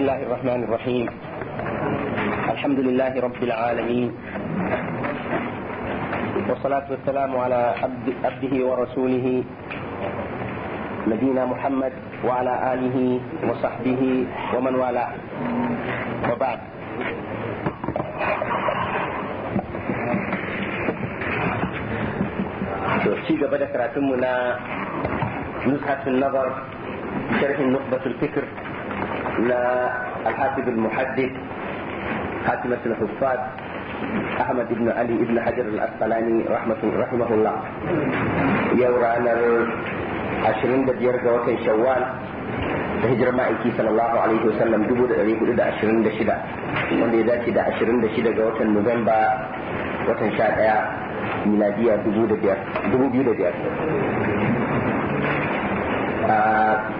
الله الرحمن الرحيم الحمد لله رب العالمين والصلاة والسلام على عبده ورسوله نبينا محمد وعلى آله وصحبه ومن والاه وبعد ci gaba راتمنا نزهة النظر شرح nazar الفكر na alhafiz al-muhaddid hatim al-huffaz ahmad ibn ali ibn hajar al-asqalani rahimahullah yau ranar 25 ga watan shawwal da hijirar ma'aiki sallallahu alaihi wasallam 1426 wanda ya dace da 26 ga watan nuwamba watan 11 miladiya 2005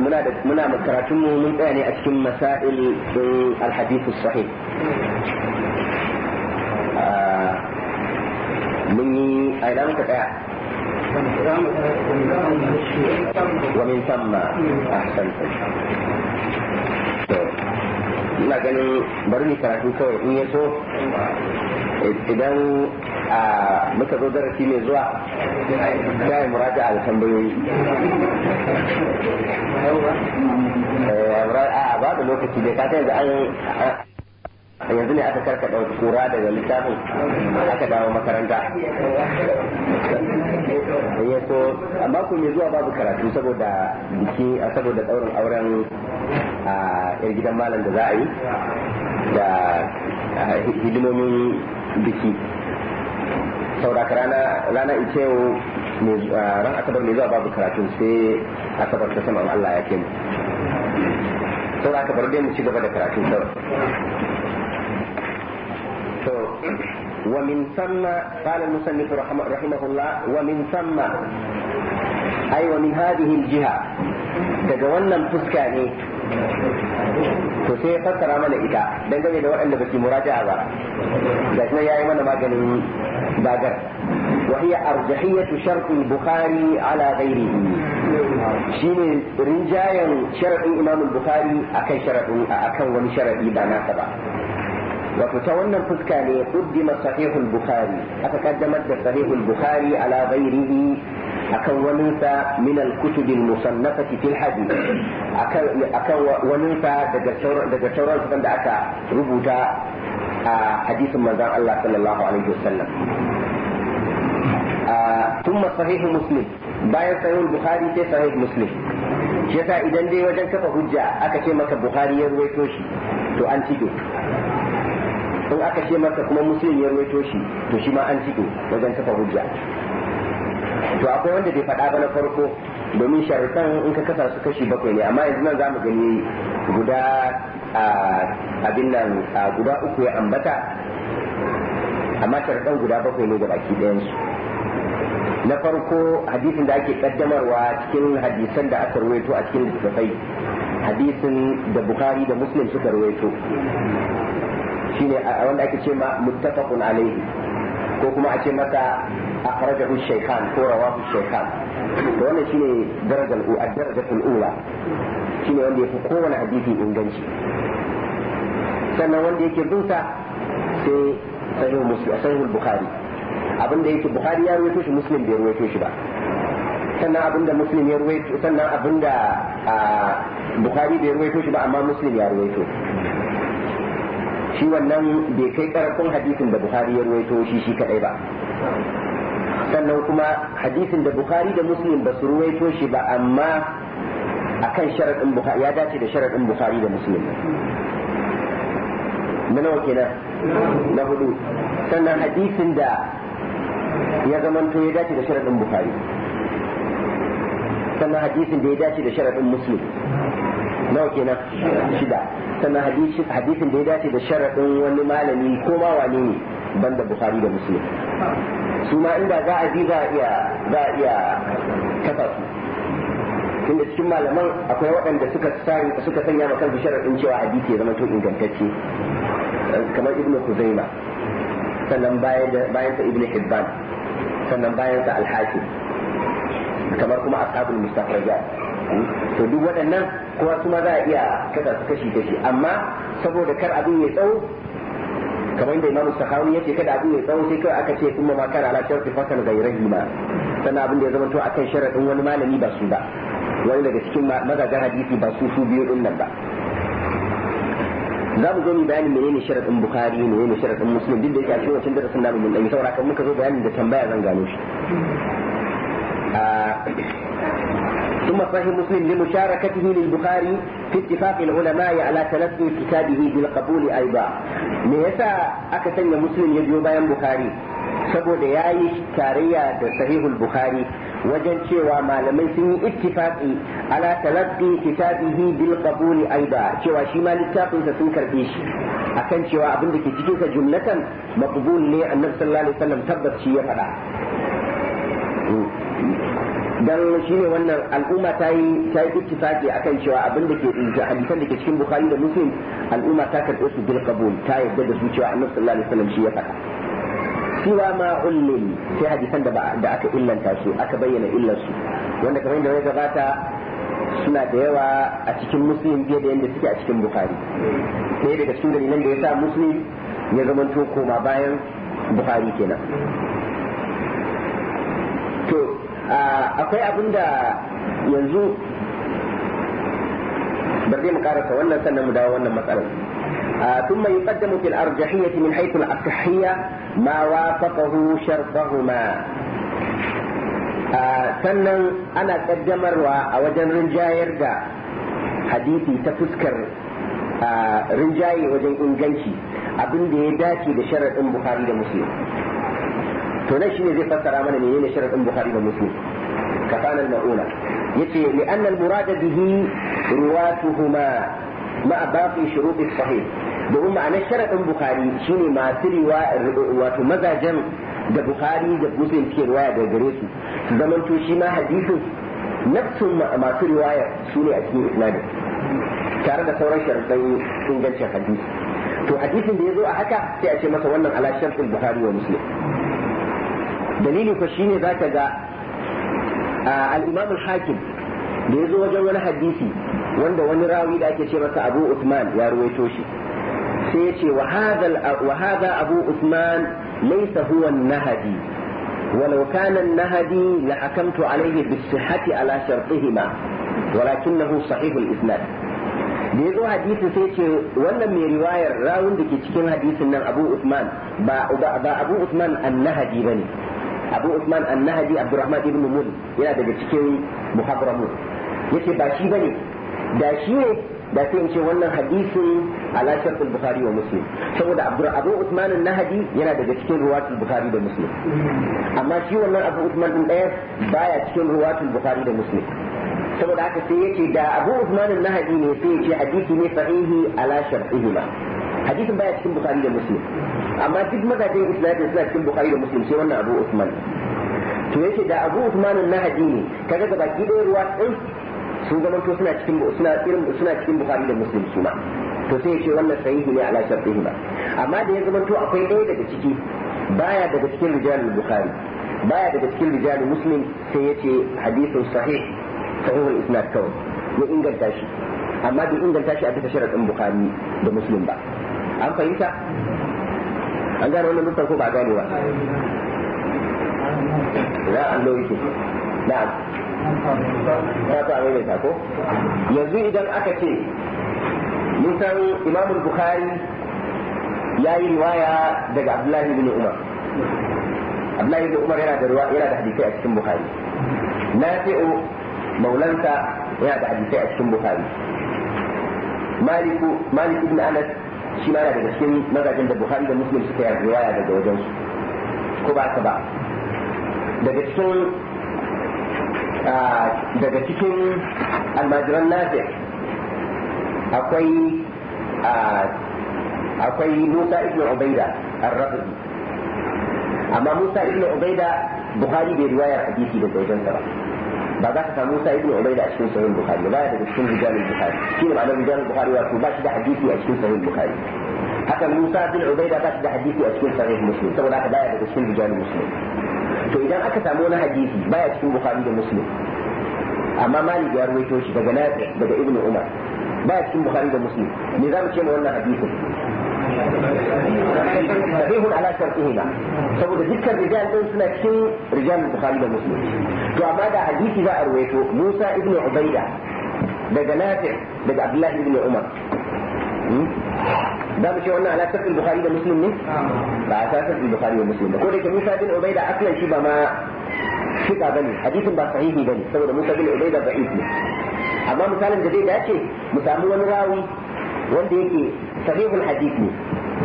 muna da muna karatun mu mun tsaya ne a cikin masail din alhadith sahih ah, mun yi a ina muka tsaya ina ganin bari ni karatu kawai in yaso idan a muka zo darasi mai zuwa za a yi muraja a tambayoyi eh, a ba da lokaci da ka yanzu an yanzu ne aka karka ɗauki kura daga littafin aka dawo makaranta ya eh, so amma ku mai zuwa babu karatu saboda biki saboda ɗaurin auren a yar gidan malam da za a yi da hidimomin biki sauraka rana rana ikewo ran asabar ne zuwa babu karatu sai asabar ta sama Allah ya kemu sauraka bar dai mu ci gaba da karatu kawai so wa min sanna qala al-musannif rahimahullah wa min sanna ay wa min hadhihi al-jiha daga wannan fuska ne to sai ya fassara mana ita dangane da waɗanda ba su muraja'a ba ga shi yi mana maganin bagar wa hiya arjahiyatu shartu bukhari ala ghairihi shine rinjayen sharadin imam bukhari akan sharadin akan wani sharadi ba nasa ba wato ta wannan fuska ne qaddima sahihul bukhari aka kaddamar da sahihul bukhari ala ghairihi akan waninsa min al-kutubil musannafati fil hadith akan akan waninsa daga daga sauran da aka rubuta a hadisin manzon Allah sallallahu alaihi wasallam ثم صحيح مسلم bayan sahih bukhari sai sahih muslim shi yasa idan dai wajen kafa hujja aka ce maka bukhari ya ruwaito shi to an cike in aka ce maka kuma muslim ya ruwaito shi to shi ma an cike wajen kafa hujja to akwai wanda bai faɗa ba na farko domin sharuɗan in ka kasa su kashi bakwai ne amma yanzu nan za mu gani guda abin nan guda uku ya ambata amma sharuɗan guda bakwai ne ga baki ɗayansu na farko hadisin da ake kaddamarwa cikin hadisan da aka rawaito a cikin littattafai hadisin da bukari da muslim suka rawaito shine wanda ake ce ma muttafaqun alaihi ko kuma a ce maka. أخرجه الشيخان ko rawahu shaykhan to wannan shine darajar ad-darajatul ula shine wanda yafi kowane hadisi inganci sannan wanda yake binsa sai sahih muslim sahih bukhari abinda yake bukhari ya rawaito shi muslim bai rawaito shi ba sannan abinda muslim ya rawaito sannan abinda shi wannan bai kai karfin hadisin da buhari ya ruwaito shi shi kadai ba sannan kuma hadisin da bukhari da muslim ba su ruwaito shi ba amma akan sharadin bukhari ya dace da sharadin bukhari da muslim na nawa kenan na hudu sannan hadisin da ya zamanto ya dace da sharadin bukhari sannan hadisin da ya dace da sharadin muslim nawa kenan shida sannan hadisin da ya dace da sharadin wani malami ko ma wane ne banda bukhari da muslim su ma inda za a bi za a iya za a iya kafa su tunda cikin malaman akwai waɗanda suka sani suka sanya maka kansu sharaɗin cewa hadisi ya zama to ingantacce kamar ibnu kuzaima sannan bayan sa ibnu hibban sannan bayan sa alhakim kamar kuma ashabul mustakhrajat to duk waɗannan kowa kuma za a iya kasa su kashi kashi amma saboda kar abin ya tsawo kamar da imamu sahawi yake kada abin mai tsawo sai kawai aka ce kuma ma kana ala tarfi fakan gairahi ma sannan abin da ya zamanto akan sharaɗin wani malami ba su ba wani daga cikin mazajen hadisi ba su su biyu din nan ba za mu zo mu bayanin menene sharaɗin bukari menene sharaɗin musulun duk da yake a cikin wancan darasin namu mun ɗanyi saura kan muka zo bayanin da tambaya zan gano shi ah, ثم صحيح مسلم لمشاركته للبخاري في اتفاق العلماء على تلقي كتابه بالقبول أيضا ليسا أكثر مسلم يجيو بيان بخاري saboda ya yi tarayya da sahihul bukhari wajen cewa malamai sun yi ittifaqi ala talaqqi kitabihi bil qabuli aida cewa shi ma littafinsa sun karbe shi akan cewa abin da ke cikin jumlatan maqbul ne annabi tabbas shi ya faɗa dan shine wannan al'umma ta yi ta yi akan cewa abin da ke da hadisan da ke cikin bukhari da muslim al'umma ta karɓe su bil qabul ta yarda da su cewa annabi sallallahu alaihi wasallam shi ya faɗa siwa ma ullil sai hadisan da da aka illanta su aka bayyana illar su wanda kamar yadda ya gabata suna da yawa a cikin muslim fiye da yadda suke a cikin bukhari sai daga cikin dalilan da ya sa muslim ya zamanto koma bayan bukhari kenan to Ah, akwai abin da yanzu bari mu karasa wannan sannan mu dawo wannan matsalar ثم يقدم في الأرجحية من حيث الأصحية ما وافقه شرطهما sannan ana kaddamarwa a wajen rinjayar da hadisi ta fuskar ah, rinjaye wajen inganci abin da ya dace da sharaɗin bukhari da muslim to nan shine zai fassara mana menene sharadin bukhari da muslim kafanan mauna yace li anna al murada bihi ruwatuhuma ma baqi shurut as sahih domin ma'anar sharadin bukhari shine masu riwa wato mazajen da bukhari da muslim ke riwaya daga gare su su zamanto shi ma hadisin nafsun masu riwaya su ne a cikin isnadin tare da sauran sharadin ingancin hadisi to hadisin da ya zo a haka sai a ce masa wannan ala shartin bukhari wa muslim dalili ko shine zaka ga al-imam al-hakim da ya zo wajen wani hadisi wanda wani rawi da ake ce masa abu usman ya ruwaito shi sai ya ce wa hada abu usman laysa huwa an-nahdi ولو كان النهدي لحكمت عليه بالصحة على شرطهما ولكنه صحيح الإسناد da ya zo hadisi sai ce wannan mai riwayar rawun da ke cikin hadisin nan abu usman ba abu usman nahadi ba ne abu usman annahdi abdurrahman ibn mun yana daga cikin muhadramun yace ba shi bane da shi ne da sai in ce wannan hadisin ala shartul bukhari wa muslim saboda abdur abu usman annahdi yana daga cikin ruwatul bukhari da muslim amma shi wannan abu usman din daya baya cikin ruwatul bukhari da muslim saboda haka sai yace da abu usman annahdi ne sai yace hadisi ne sahihi ala shartihima hadisin baya cikin bukhari da muslim amma duk magajin isnadin suna cikin bukari da muslim sai wannan abu usman to yake da abu usman na hadini kaga ga baki ɗaya ruwa din sun zamanto suna cikin suna irin suna cikin bukari da muslim suna ma to sai yake wannan sahihi ne ala shartihi ba amma da ya to akwai ɗaya daga ciki baya daga cikin rijalul bukhari baya daga cikin rijalul muslim sai yace hadithun sahih sahihul isnad kawai ya inganta shi amma bai inganta shi a bisa sharaɗin bukhari da muslim ba an fahimta an gane wannan nufar ko ba gane ba Za a yake na na ta amai ta ko yanzu idan aka ce mun san imamul bukhari ya yi riwaya daga abdullahi bin umar abdullahi bin umar yana da yana da hadisai a cikin bukhari o maulanta yana da hadisai a cikin bukhari maliku maliku ibn anas shi ma daga cikin mazajen da buhari da muslim suka yi riwaya daga wajen su ko ba ka ba daga cikin daga cikin almajiran nafi akwai akwai musa ibn ubaida ar-rafi amma musa ibn ubaida buhari bai riwayar hadisi daga wajen sa ba بعد ذلك موسى ابن عبيد عشرين سنين البخاري وبعد ذلك عشرين رجال البخاري كيف معنى رجال البخاري وارسول باش ده حديثي عشرين سنين البخاري حتى موسى ابن عبيد باش ده حديثي عشرين سنين المسلم ثم ذلك بعد ذلك عشرين رجال المسلم فإذا أكت أمونا حديثي بعد ذلك عشرين بخاري المسلم أما مالي جاروي توش بقى نازع بقى ابن عمر بعد ذلك عشرين بخاري المسلم نظام كم أولنا حديثه نبيه على شرطهما سبب ذكر رجال أنسنا كم رجال البخاري المسلم to amma da hadisi za a ruwaito Musa ibn Ubaida daga Nafi' daga Abdullah ibn Umar da hmm? mu ce wannan ala sahih Bukhari da Muslim ne ba a sahih Bukhari da Muslim ba ko da ke Musa ibn Ubaida aslan shi ba ma fika bane hadisin ba sahihi bane saboda Musa ibn Ubaida da'if ne amma misalin da zai dace mu samu wani rawi wanda yake sahihul hadith ne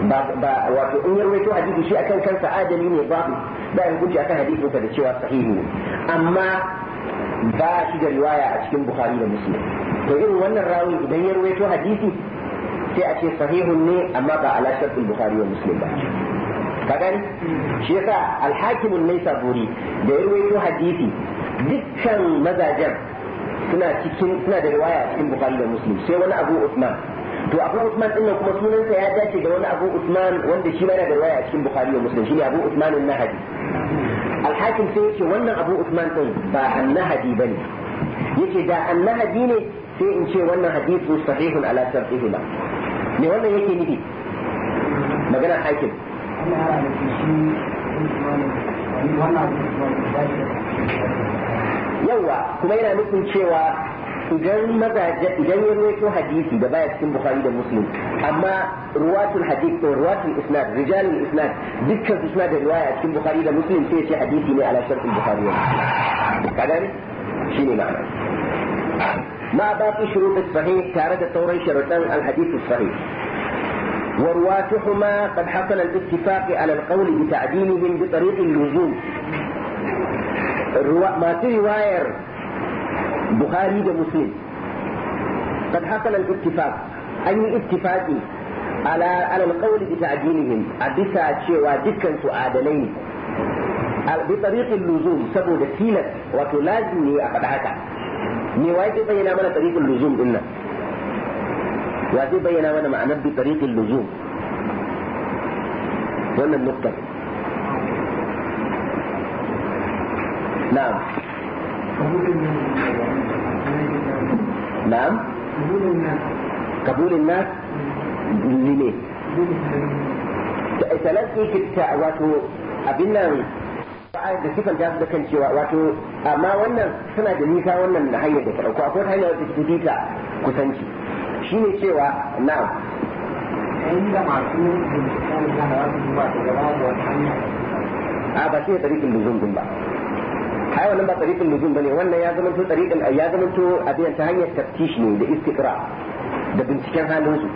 ba wato in yarwaito hadisi shi akan kansa adami ne babu ba in hukunci akan hadisin da cewa sahihi ne amma ba shi da riwaya a cikin bukhari da muslim to irin wannan rawi idan yarwaito hadisi sai a ce sahihun ne amma ba ala shartin bukhari wa muslim ba ka gani shi yasa alhakimun mai saburi da yarwaito hadisi dukkan mazajen suna cikin suna da riwaya a cikin bukhari da muslim sai wani abu usman to abu usman din kuma sunansa ya dace da wani abu usman wanda shi yana da waya cikin bukhari da muslim shine abu usman an-nahabi al-hakim sai yace wannan abu usman din ba an-nahabi bane yace da an-nahabi ne sai in ce wannan hadithu sahihun ala sarfihima me wannan yake nufi magana hakim yawa kuma yana nufin cewa idan mazaje idan ya rawaito hadisi da baya cikin bukhari da muslim amma ruwatul hadith ko ruwatul isnad rijalul isnad dukkan su suna da riwaya cikin bukhari da muslim sai ce hadisi ne ala shartul bukhari kaga ne shine ma'ana ma baqi shurut sahih tare da sauran sharuɗan al-hadith sahih ورواتهما قد حصل الاتفاق على القول بتعديلهم بطريق اللزوم ما في رواية بخاري ده مسلم قد حصل الاتفاق أي اتفاقي على على القول بتعديلهم أبسا تشيوا دكا سؤالين بطريق اللزوم سبو دكيلة وتلازمني أفدعك واجب بينا من طريق اللزوم إنا واجب بينا من معنى بطريق اللزوم ولا النقطة نعم نعم قبول الناس لمين salat ke kirta wato abin nan da sifan ta da kan cewa wato amma wannan suna da nisa wannan na hanyar da ta dauko akwai hanyar da ta fi ta kusanci shine cewa na. inda masu binciken da za su duba gaba da wata hanya a ba shi da tarikin zungun ba ai wannan ba tariqin ba ne wannan ya zama to tariqin ya zama to abin ta hanyar taftish ne da istikra da binciken halinsu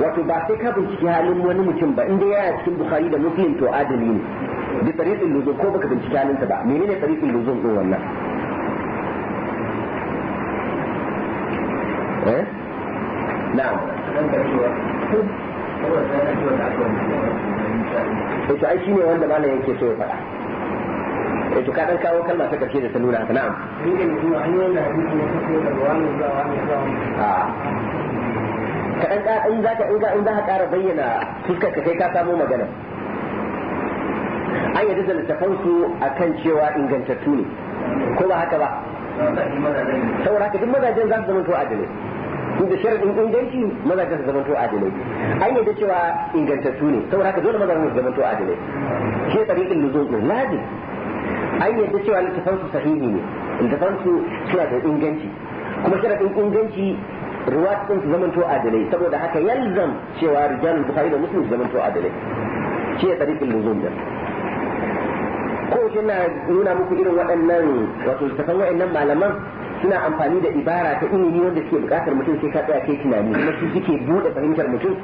wato ba sai ka binciki halin wani mutum ba inda ya yi cikin bukhari da muslim to adali ne bi tariqin nujum ko baka binciki halin sa ba menene tariqin nujum din wannan eh na'am eh, to ai ne wanda malam yanke so ya faɗa eh to ka dan kawo kalma ta karshe da ta nuna haka na'am ah. ka dan ka in zaka in in za ka ƙara bayyana fuskar ka kai ka samo magana an yadda da littafan littafansu akan cewa ingantattu ne ko ba haka ba saboda haka duk mazajen za su zama to adalai inda sharadin inganci mazajen su zama to adalai an yadda cewa ingantattu ne saboda haka dole mazajen su zama to adalai shi tsariƙin luzon ɗin lazim an yadda cewa littafansu sahihi ne littafansu suna da inganci kuma da inganci ruwa sun su to adalai saboda haka yalzam cewa rijal bukhari da muslim su to adalai shi ya tsarikin luzum da ko na nuna muku irin waɗannan wato littafan waɗannan malaman suna amfani da ibara ta ilimi wanda suke bukatar mutum sai ka tsaya kai tunani kuma su suke bude fahimtar mutum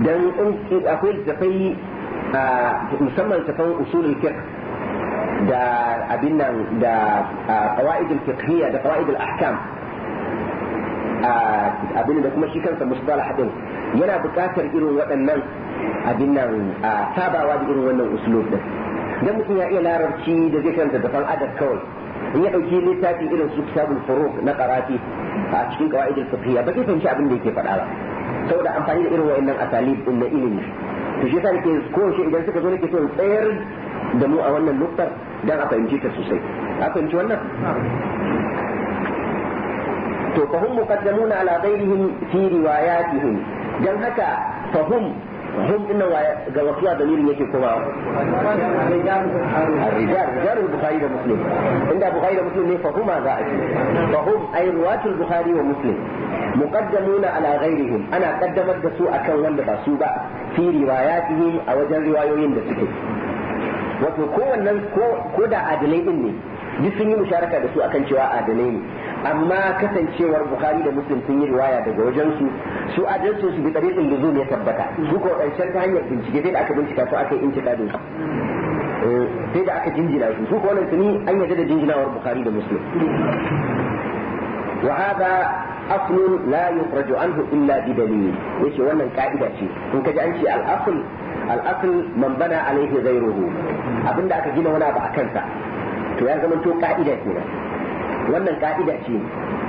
dan akwai littafai musamman littafan usulul fiqh da abin nan da qawaidul fiqhiyya da qawaidul ahkam abin da kuma shi kansa musbala hadin yana buƙatar irin waɗannan abin nan sabawa da irin wannan uslub din dan mutum ya iya larabci da zai da dafan adab kawai in ya ɗauki littafi irin su kitabul furuq na qarafi a cikin qawaidul fiqhiyya ba zai fahimci abin da yake faɗa ba saboda amfani da irin waɗannan asalib din na ilimi to shi yasa nake ko shi idan suka zo nake so tsayar da mu a wannan nuktar dan a fahimce ta sosai a fahimci wannan to fahum muqaddamun ala ghayrihim fi riwayatihim dan haka fahum hum inna wa ga wasiya dalilin yake kuma ar-rijal jar bukhari da muslim inda bukhari da muslim ne fahuma za a fahum ay riwayat al-bukhari wa muslim muqaddamuna ala ghayrihim ana qaddamar da su akan wanda ba su ba fi riwayatihim a wajen riwayoyin da suke wato kowannen ko da adalai din ne duk sun yi musharaka da su akan cewa adalai ne amma kasancewar bukhari da muslim sun yi riwaya daga wajen su su adalcin su bi da luzum ya tabbata su ko karshen ta hanyar bincike sai da aka bincika su aka yi intiqadin su eh, sai da aka jinjina su su ko wannan tuni an yarda da jinjinawar bukhari da muslim wa hada aslun la yukhraju anhu illa bi dalil yace wannan ka'ida ce in kaji an ce al asl al'aql man bana alaihi ghayruhu abinda aka gina wani abu a kansa to ya zama to ka'ida kenan wannan ka'ida ce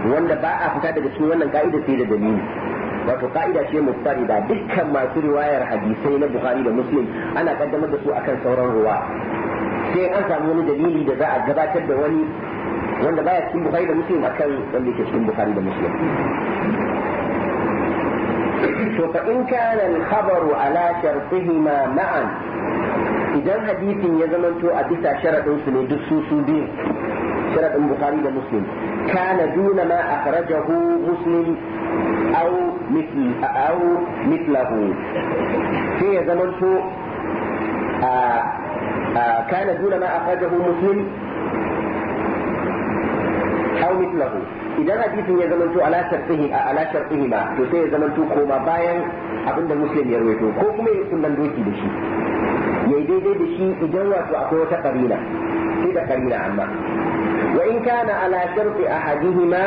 wanda ba a fita daga cikin wannan ka'ida sai da dalili wato ka'ida ce da dukkan masu riwayar hadisai na bukhari da muslim ana kaddamar da su akan sauran ruwa sai an samu wani dalili da za a gabatar da wani wanda baya cikin bukhari da muslim akan wanda yake cikin bukhari da muslim to fa in kana al-khabaru ala shartihima ma'an idan hadithin ya zamanto a bisa sharadin su ne duk su su biyu sharadin bukhari da muslim kana duna ma akhrajahu muslim aw mithl aw mithlahu sai ya zamanto kana duna ma akhrajahu muslim aw mithluhu idan hadisin ya zamanto ala a ala shartihi ma to sai ya ko koma bayan abinda muslim ya rawaito ko kuma ya kunnan doki da shi ya yi daidai da shi idan wato akwai wata karina sai da karina amma wa in kana ala sharti ahadihima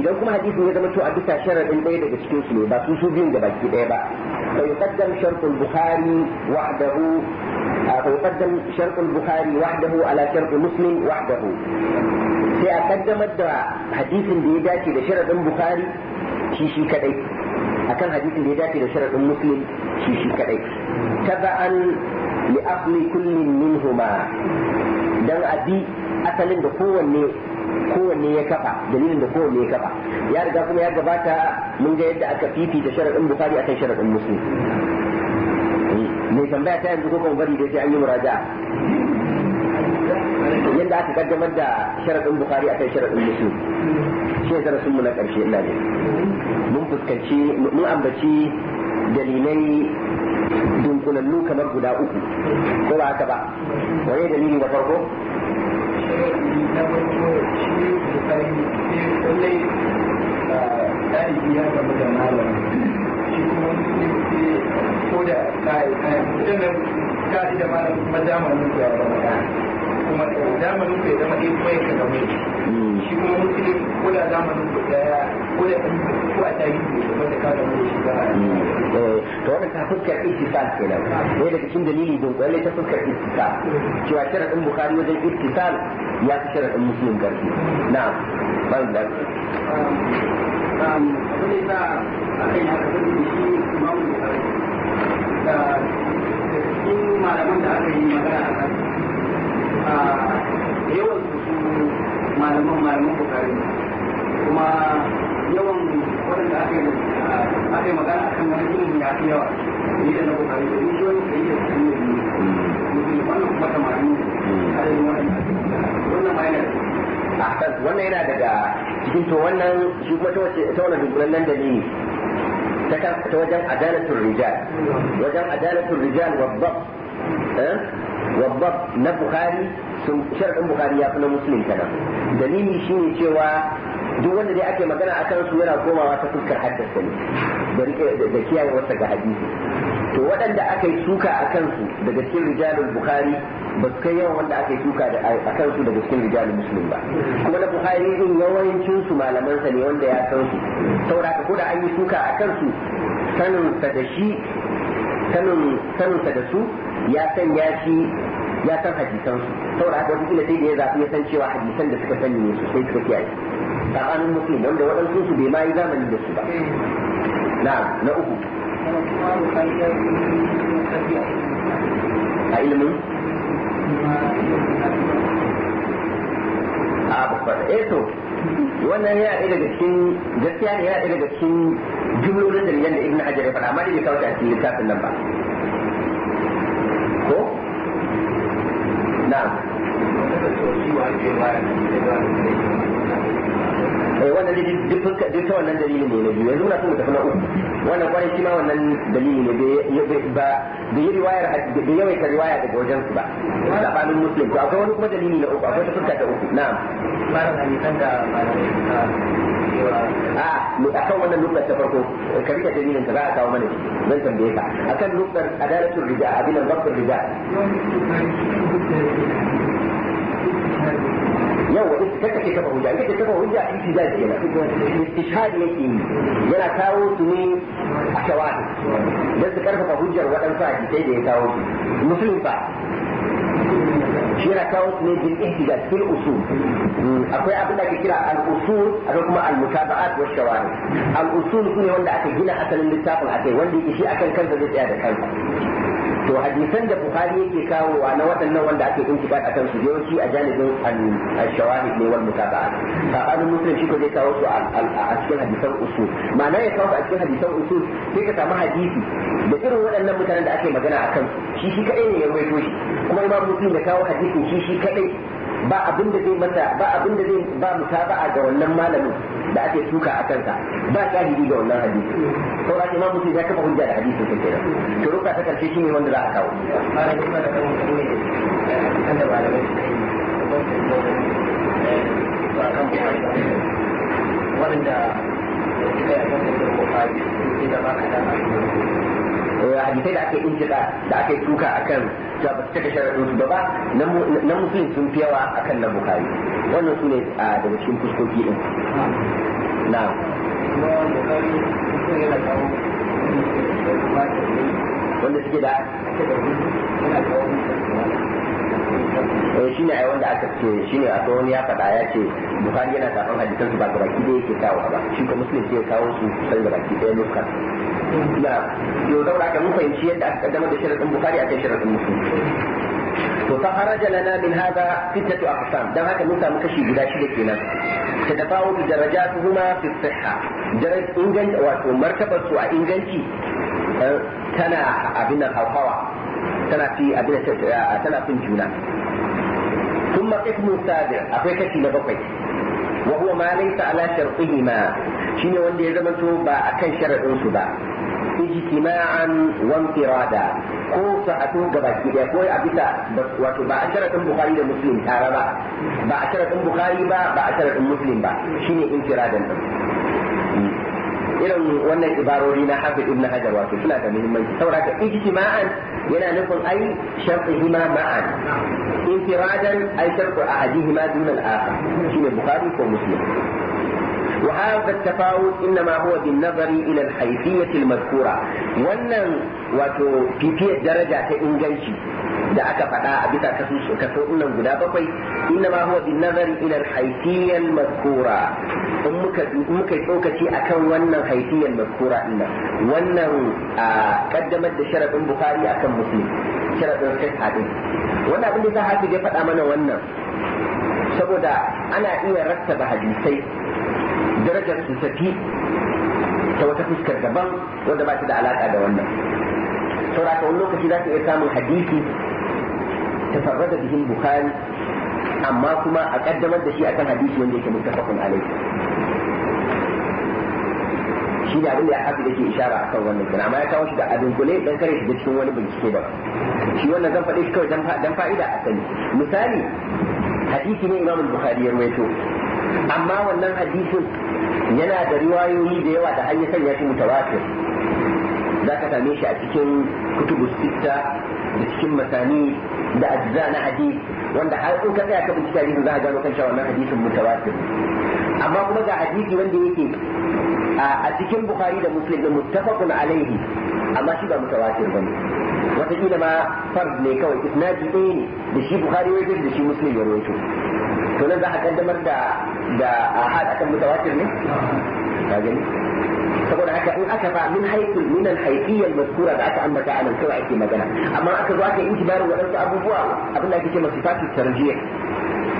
idan kuma hadisin ya zamanto a bisa sharadin ɗaya daga cikin su ne ba su su biyun da baki ɗaya ba fa yuqaddam shartul bukhari wahdahu فيقدم شرط البخاري وحده على شرط مسلم وحده sai a kaddamar da hadisin da ya dace da sharaɗin bukari shi shi kadai akan hadisin da ya dace da sharaɗin muslim shi shi kadai taba'an li asli kullin minhuma dan abi asalin da kowanne kowanne ya kafa dalilin da kowanne ya kafa ya riga kuma ya gabata mun ga yadda aka fifita sharaɗin bukari akan sharaɗin muslim eh, mai tambaya ta yanzu ko kan bari da sai an yi muraja'a lokacin da aka kaddamar da sharaɗin bukari akan sharaɗin muslim shi darasin mu na ƙarshe ina ne mun fuskanci mun ambaci dalilai dunkulannu kamar guda uku ko ba haka ba wani dalili da farko da kuma ko da kai kai da malam kuma zamanin ya kuma zamanin ku ya zama ɗaya kuma ya ka zama shi hmm. kuma musulun ko da zamanin ku daya ko da ɗan ko a tarihi ne da ka zama shi ba hmm. eh, to wannan ta fuskar ittisal kenan ɗaya daga cikin dalili don kwalle ta fuskar ittisal cewa sharaɗin bukari wajen ittisal ya fi sharaɗin musulun garki na ba da abin da a kai na kasar da shi imamu da da cikin malaman da aka yi magana a kan yawan su malaman malaman bukari kuma yawan waɗanda ake yi aka yi magana akan wani ilimin ya fi yawa ni da na bukari da ni wani sai da su ne musulman kuma samari ne mm. adadin waɗanda wannan ma yana akan wannan yana daga cikin to wannan shi kuma ta wace ta wannan dubulan nan ni ta ta wajen adalatul rijal mm. wajen adalatul rijal wa dhab eh? wabbab na bukhari sun sharɗin bukhari ya fi na muslim kenan dalili shine cewa duk wanda dai ake magana akan su yana komawa ta fuskar haddasa ne da rike da kiyayewarsa ga hadisi to waɗanda aka yi suka a kansu daga cikin rijalul bukhari ba su kai yawan wanda aka yi suka a kansu daga cikin rijalul muslim ba kuma na bukhari in yawancinsu malamansa ne wanda ya san su saboda ko da an yi suka a kansu sanin da su ya san ya shi ya san hadisan su saboda haka wata kila sai da ya zaɓi ya san cewa hadisan da suka sani ne su sai suka kiyaye tsakanin muslim wanda waɗansu su bai ma yi zamani da su ba na na uku a ilimin a babbar eto eh, wannan ya ɗaya daga cikin gaskiya ne ya ɗaya daga cikin jumlolin dalilan da ibn hajar ya faɗa amma da ya kawo a cikin littafin nan ba ko na'am eh wannan dai duk fuska duk ta wannan dalili ne na biyu yanzu muna so mu tafi na uku wannan kwarai shi ma wannan dalili ne ba da yi riwayar da yawaita riwaya daga wajen su ba tsakanin muslim to akwai wani kuma dalili na uku akwai ta fuska ta uku na'am a akan wannan nukar ta farko ka rika dalilin ka za a kawo mana zan tambaye ka akan nukar adalatul rija abinan bakar rija yawa ita kanta ke kafa hujja ita ke kafa hujja ita za ta yana istishhadi yake yi yana kawo su ne a shawadi don su karfafa hujjar waɗansu sai da ya kawo su musulun fa shi yana kawo su ne bil ihtijaj fil usul akwai abin da ake kira al usul akwai kuma al mutaba'at wa shawari al usul ne wanda aka gina asalin littafin akai wanda yake shi akan kansa zai tsaya da kansa to hadisan da bukhari yake wa na waɗannan wanda ake bincika a kan su yawanci a janibin al-shawahid ne wal mutaba'a annu muslim shi ko zai kawo su a cikin hadisan usul ma'ana ya kawo a cikin hadisan usul sai ka samu hadisi da irin waɗannan mutanen da ake magana a kan su shi shi kadai ne ya rawaito shi kuma imam muslim ya kawo hadisi shi shi kadai ba abin da zai masa ba abin da zai ba mutaba'a ga wannan malamin da ake tuka a kansa ba shahidi ga wannan hadisi to da ma mutum ya kafa hujja da hadisi ko kenan to ruka ta karshe shine wanda za a kawo wanda suka yi a kan da Eh, hadisai da ake injida da ake tuka akan cewa ba su cika sharadin su ba na musulun sun fi yawa akan na bukari wannan su ne ah, daga cikin fuskoki din na wanda suke da eh shine a wanda aka ce shine akwai wani ya faɗa ya ce bukari yana safan hadisan su ba ga baki ɗaya yake kawo ba shi ka musulun ke kawo su sai ga baki ɗaya nuka na yau da aka mun fahimci yadda aka kaddama da shirin bukari akan shirin musulun to fa kharaja lana min hadha sittatu aqsam dan haka mun samu kashi guda shida kenan ta su درجاتهما في الصحة درجة إنجنت ومرتبة a inganci eh, tana abin nan hauhawa tana fi abin tana fin juna ثم قسم السابع أقول na لبقي وهو ما ليس على شرطهما شنو وندي زمنتو با أكن شرط سبا اجتماعا وانفرادا ko su haɗu ga baki ɗaya ko a bisa wato ba a sharaɗin bukari da muslim tare ba ba a sharaɗin bukari ba ba a sharaɗin muslim ba shine infiradan din irin wannan ibarori na hafi ibn hajar wato suna da muhimmanci saboda ka ijtima'an yana nufin ai shartihima ma'an infiradan ai shartu ma dun al-akhar shine bukhari ko muslim وهذا التفاوت إنما هو بالنظر إلى الحيثية المذكورة وأن wato fifiyar daraja ta inganci da aka faɗa a bisa kaso kaso nan guda bakwai inna ma huwa bin nazari ila al-haytiyal mazkura in muka muka tsokaci akan wannan haytiyal mazkura din wannan a kaddamar da sharadin bukhari akan muslim sharadin sahih din wannan abin da sa hafi ya faɗa mana wannan saboda ana iya rattaba hadisai darajar su tafi ta wata fuskar daban wanda ba ta da alaka da wannan sauraka wani lokaci za ka iya samun hadisi ta farrada bihin bukari amma kuma a kaddamar da shi akan hadisi wanda yake muttafaqun alaihi shi ne abin da ya hafi da ke ishara a kan wannan kira amma ya kawo shi da abin kule dan kare shi da cikin wani bincike ba shi wannan zan faɗi shi kawai dan fa'ida a sani misali hadisi ne imamul bukhari ya rawaito amma wannan hadisin yana da riwayoyi da yawa da an sanya shi mutawatir za ka same shi a cikin kutubu Sita da cikin masani da ajza na hadis wanda har in ka tsaya ka bincika hadisin za a gano kan cewa wannan hadisin mutawatir amma kuma ga hadisi wanda yake a cikin bukhari da muslim da muttafaqun alaihi amma shi ba mutawatir bane wataƙila ma farz ne kawai isnadi ɗaya ne da shi bukhari ya da shi muslim ya rawaito to nan za a kaddamar da da ahad akan mutawatir ne ka gani saboda haka in aka ba min haiku min al-haifiyya al-mazkura da aka ambata anan kawai ake magana amma aka zo aka yi intibarin wadansu abubuwa abin da ake ce masu fatu tarjiyya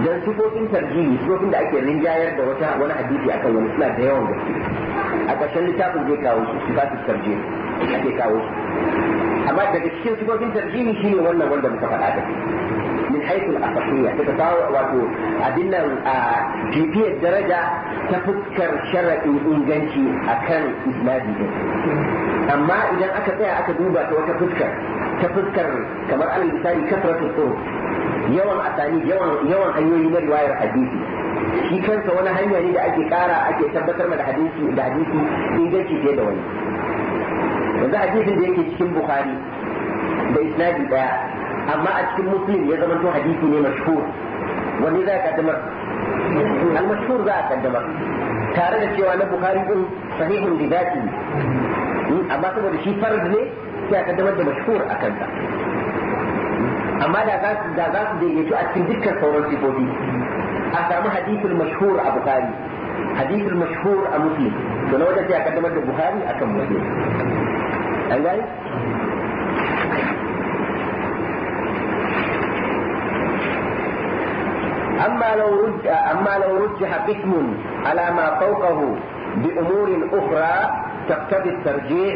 dan sifofin tarjihi sifofin da ake rinjayar da wata wani hadisi akan wani suna da yawan gaske a ƙarshen littafin zai kawo su sifatu tarjihi ake kawo su amma daga cikin sifofin tarjihi shine wannan wanda muka faɗa da min haithul asafiyya suka kawo wato abin nan a bibiyar daraja ta fuskar sharaɗin inganci akan isnadi din amma idan aka tsaya aka duba ta wata fuskar ta fuskar kamar alal misali kasratul turuq yawan asani yawan yawan hanyoyi na riwayar hadisi shi kansa wani hanya ne da ake kara ake tabbatar da hadisi da inganci fiye da wani yanzu hadisin da yake cikin bukhari da isnadi daya amma a cikin muslim ya zama hadisi ne mashhur wani za a kaddamar al-mashhur za a kaddamar tare da cewa na bukhari din sahihun da zaki amma saboda shi farz ne sai a kaddamar da mashhur a kansa amma da za su da za su daidaito a cikin dukkan sauran sifofi a samu hadithul mashhur a bukhari hadithul mashhur a muslim to na wajen sai a kaddamar da bukhari akan muslim an gani أما لو رجح أما لو رجح قسم على ما فوقه بأمور أخرى تقتضي الترجيح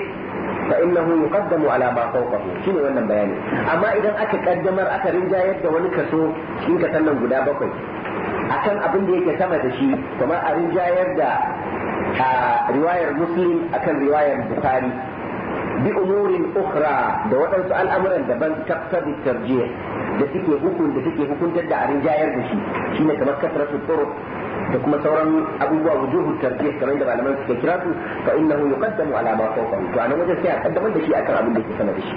فإنه يقدم على ما فوقه شنو wannan bayani amma idan aka kaddamar aka rinjayar da wani kaso in ka sannan guda bakwai akan abin da yake sama da shi kamar a rinjayar da riwayar muslim akan riwayar bukhari bi umurin ukhra da waɗansu al'amuran daban taqtadi tarjih da suke hukun da suke hukuntar da a jayar da shi shine kamar kasratu turuq da kuma sauran abubuwa wujuhu tarjih kamar da malaman suka kira su fa innahu yuqaddamu ala ma fawqa to anan wajen sai a kaddamar da shi akan abin da ke sama da shi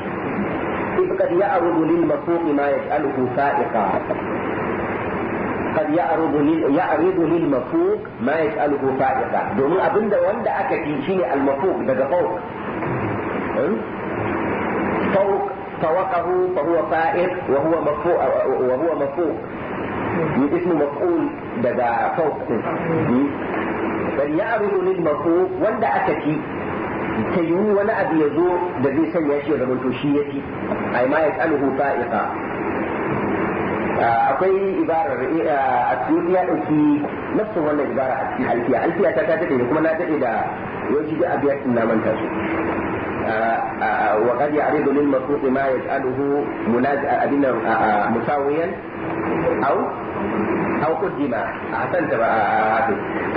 إذ قد يعرض للمسوق ما يجعله سائقا قد يعرض يعرض للمفوق ما يسأله فائقا دومي أبن دا دا أكتي شيني المفوق دا فوقه فهو فائق وهو مفوق وهو مفوق اسمه مفعول دجا فوق فليعرض للمفوق وندا أكتي ta yiwu wani abu ya zo da zai sanya shi ya zamanto shi ya ci ai ma ya akwai ibarar a cikin ya ɗauki nafsin wannan ibara a cikin alfiya alfiya ta ta daɗe kuma na daɗe da yawanci da abiyar na manta su وقد يعرض للمبسوط ما يجعله مساويا أو أو قدم أحسنت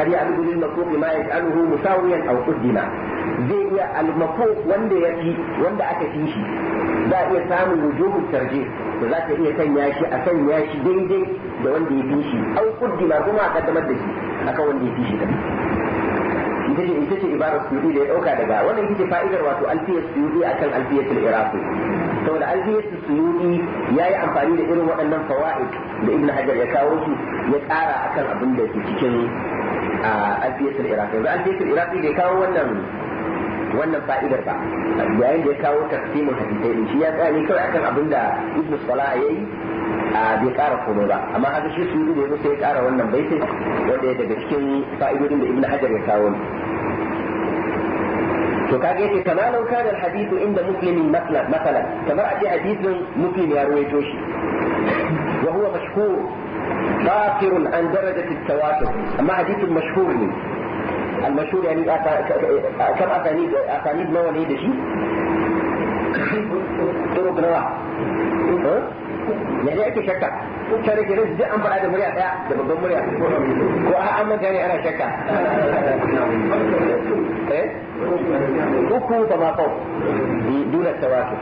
قد يعرض للمبسوط ما يجعله مساويا أو قدم zai iya almafo wanda ya wanda aka fi za a iya samun wujuhun tarje da za ta iya sanya shi a sanya shi daidai da wanda ya fi shi au kuddima kuma a kaddamar da shi aka wanda ya fi shi ita ce ibarar suyudi da ya dauka daga wannan ita ce fa'idar wato alfiyar suyudi akan alfiyar iraqi saboda alfiyar suyudi ya yi amfani da irin waɗannan fawaid da ibn hajar ya kawo su ya ƙara akan abin da ke cikin alfiyar iraqi Da alfiyar iraqi da ya kawo wannan wannan fa'idar ba yayin da ya kawo tafsirin hadisai shi ya tsaya ne kawai akan abin da ibn salah yayi a bai kara komai ba amma haka shi su yi da ya kara wannan baitin wanda ya daga cikin fa'idodin da ibn hajar ya kawo to kage yace kama law kana alhadithu inda muslimin masalan masalan kamar a ce hadithin muslim ya ruwaito shi wa huwa mashhur ظافر عن درجة التواتر أما حديث المشهور لي المشهور يعني كم أسانيد أسانيد نوع ليه دشي طرق نوع ya ake shakka ta da gidan duk an faɗa da murya ɗaya da babban murya ko a an manta ne ana shakka eh? uku da ma fau duna tawatur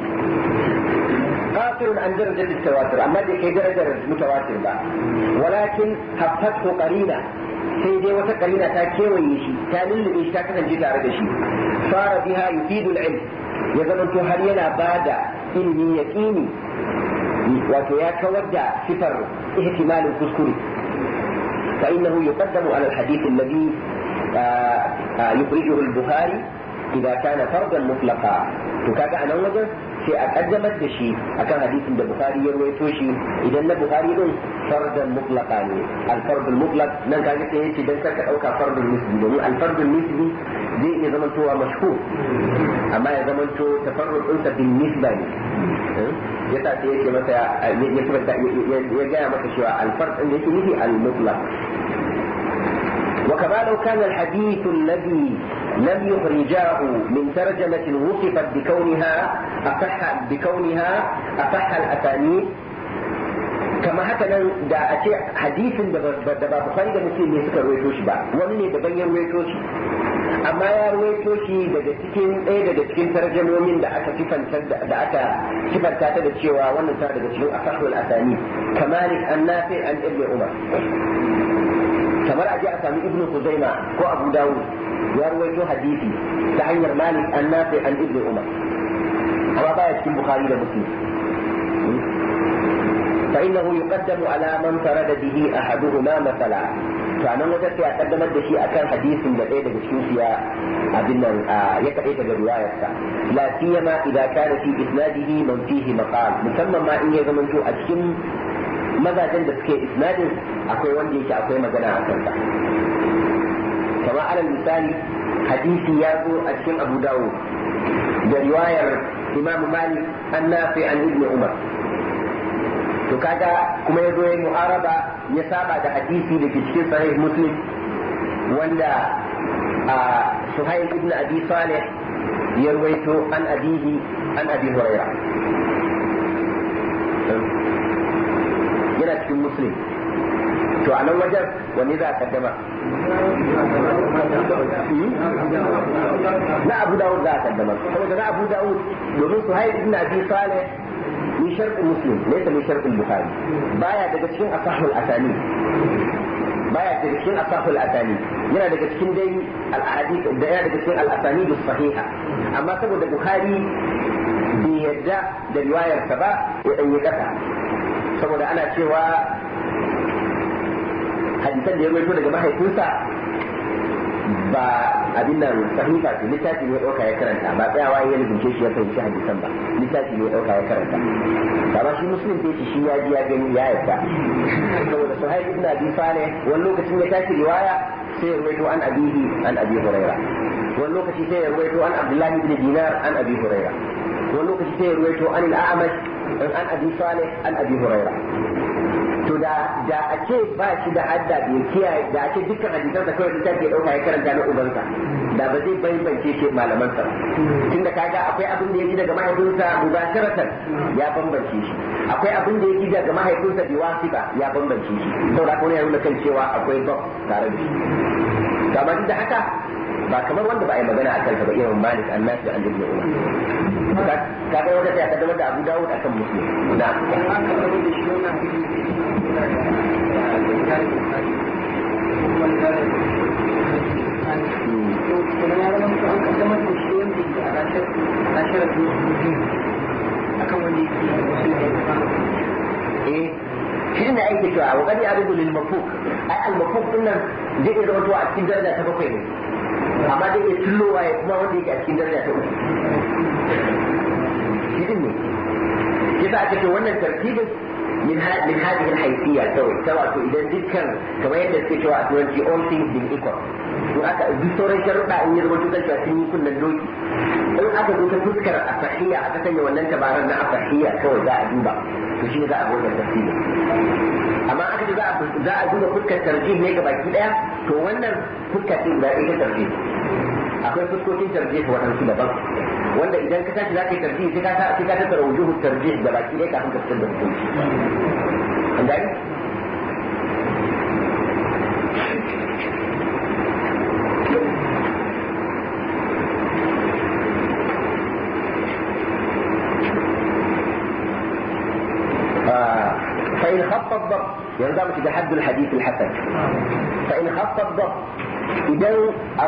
قاصر عن درجة da أما اللي درجة متواتر بقى ولكن حفظته قرينة sai dai wata karina ta kewaye shi ta lullube shi ta kasance tare da shi fara biha yufidul ilm ya zama to har yana bada ilmi yaqini wato ya kawar da sifar ihtimalin kuskure fa innahu yuqaddamu ala alhadith alladhi ah, ah, kana fardan mutlaqa to kaga anan wajen sai a kaddamar da shi akan hadisin da Bukhari ya rawaito shi idan na Bukhari din fardan ne al fardul nan kaga sai dan ka دي اذا قلت هو مشكوك اما اذا قلت تفرد انت بالنسبه لي يتاتي ايش مثلا يثبت يجاء مثلا شو الفرد اللي في المطلق وكما لو كان الحديث الذي لم يخرجاه من ترجمة وصفت بكونها أفح بكونها أفح الأسانيد كما هكذا دا أتي حديث دا بخاري دا مسلم يسكر ويتوش با ومن يتبين ويتوش amma ya ruwaito shi daga cikin ɗaya daga cikin tarjamomin da aka kifanta da aka kifanta ta da cewa wannan ta daga cikin asahul asani kamalik annafi an ibn umar kamar aje a sami ibn kuzaima ko abu dawud ya ruwaito hadisi ta hanyar malik an annafi an ibn umar amma baya cikin bukhari da muslim فإنه يقدم على من فرد به أحدهما مثلا sanan wata sai a kaddamar da shi akan hadisin da ɗaya daga cikin siya abin nan ya kaɗai daga riwayarsa la siyama idan da fi isnadihi man fihi maqal musamman ma in ya zamanto a cikin mazajen da suke isnadin akwai wanda yake akwai magana a kansa kamar alal misali hadisi ya zo a cikin abu dawo da riwayar imamu malik an nafi an ibnu umar to kaga kuma ya zo ya mu'araba ya saba da hadisi da ke cikin sahih muslim wanda a suhail ibn abi salih ya ruwaito an abihi an abi huraira yana cikin muslim to a nan wajen wani za a kaddama hmm? na abu dawud za a kaddama saboda na abu dawud domin suhail ibn abi salih من شرط مسلم ليس من شرط البخاري بايا daga cikin asahul asani baya daga cikin asahul asani yana daga cikin dai al yana daga cikin al-asani sahiha amma saboda buhari bai yadda da riwayar sa ba ya danyi kasa saboda ana cewa hadisan da ya rawaito daga mahaifinsa ba abin nan sahifa ce littafi ne ɗauka ya karanta ba tsayawa ya rubuce shi ya fahimci hadisan ba littafi ne ɗauka ya karanta amma shi musulun ɗin shi ya ji ya gani ya yarda saboda suhaib ibn abi ne wani lokacin ya tashi riwaya sai ya rawaito an abihi an abi huraira wani lokaci sai ya rawaito an abdullahi ibn dinar an abi huraira wani lokaci sai ya rawaito an al-a'mash an abi salih an abi huraira to da da a ce ba shi da hadda bai kiyaye da ake dukkan hadisan da kawai take dauka ya karanta na ubansa da ba zai bambance shi malaman sa tunda kaga akwai abin da ya daga mahaifinsa mubasharatan ya bambance shi akwai abin da ya daga mahaifinsa bi wasiba ya bambance shi saboda kuma ya nuna kan cewa akwai ba tare da shi kamar da haka ba kamar wanda ba a yi magana a kansa ba irin malik annashi da annabi umar kaga wanda sai aka zama da abu dawud akan musulmi na Eh, shi ne aiki cewa wa kadi abu lil mafuk ai al mafuk din nan zai iya zama a cikin daraja ta bakwai ne amma zai iya tullowa ya kuma wanda yake a cikin daraja ta uku shi ne yasa aka ce wannan tartibin من من هذه الحيثية سوي سواء إذا ذكر كما يدرس شواء تورجي all things being equal to aka duk sauran sharuɗa in ya rubuta kan sun yi kullun in aka zo ta fuskar asahiya aka sanya wannan tabarar na asahiya kawai za a duba to shi za a gode tafsiri amma aka za a duba fuskar tarjih ne ga baki to wannan akwai fuskokin tarjih waɗansu daban wanda idan ka tashi za ka yi tarjih sai ka sai ka tattara wujuhu tarjih da baki ɗaya kafin ka fitar da hukunci an gani فإن خط الضبط يرجع يعني حد الحديث الحسن فإن خط الضبط إذا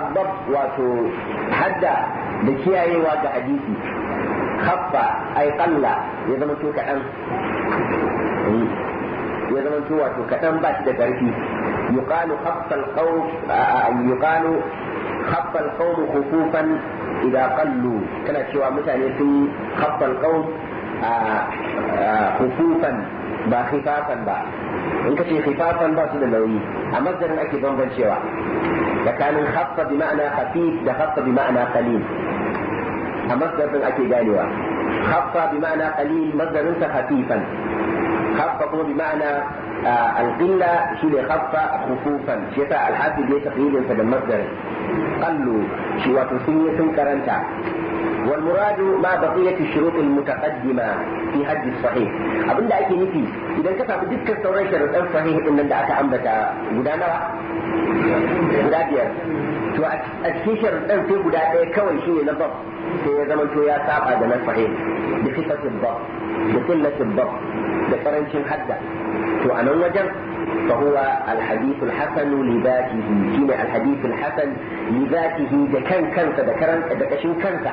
الضبط وتحدى da kiyayewa ga hadisi khaffa ai qalla ya zama to kadan hmm. ya zama to wato kadan ba shi da karfi yuqalu khaffa al-qawm yuqalu khaffa al-qawm khufufan idza qallu kana cewa mutane sun khaffa al-qawm khufufan ba khifafan ba in kace khifafan ba su da nauyi a mazarin ake bambancewa tsakanin khaffa bi ma'ana khafif da khaffa bi ma'ana qalil a masdar din ake ganewa khaffa bi ma'ana qalil masdarin sa khafifan khaffa kuma bi ma'ana al-qilla shine khaffa khufufan shi yasa al-hafiz ya taqidin sa da masdarin qallu shi wato sun yi sun karanta والمراد ما بقية الشروط المتقدمة في حج الصحيح أبن دا نفي إذا كفى بدك الثورة شرط الصحيح إن دا أمبتا قدانا قدابيا تو أكي شرط أنت قدابيا كوي شيء نظر في زمن zama ya saba da na sahih da sifatin bab da qillatin bab فهو الحديث الحسن لذاته شيء الحديث الحسن لذاته إذا كان كنسا ده كان ده كشين كنسا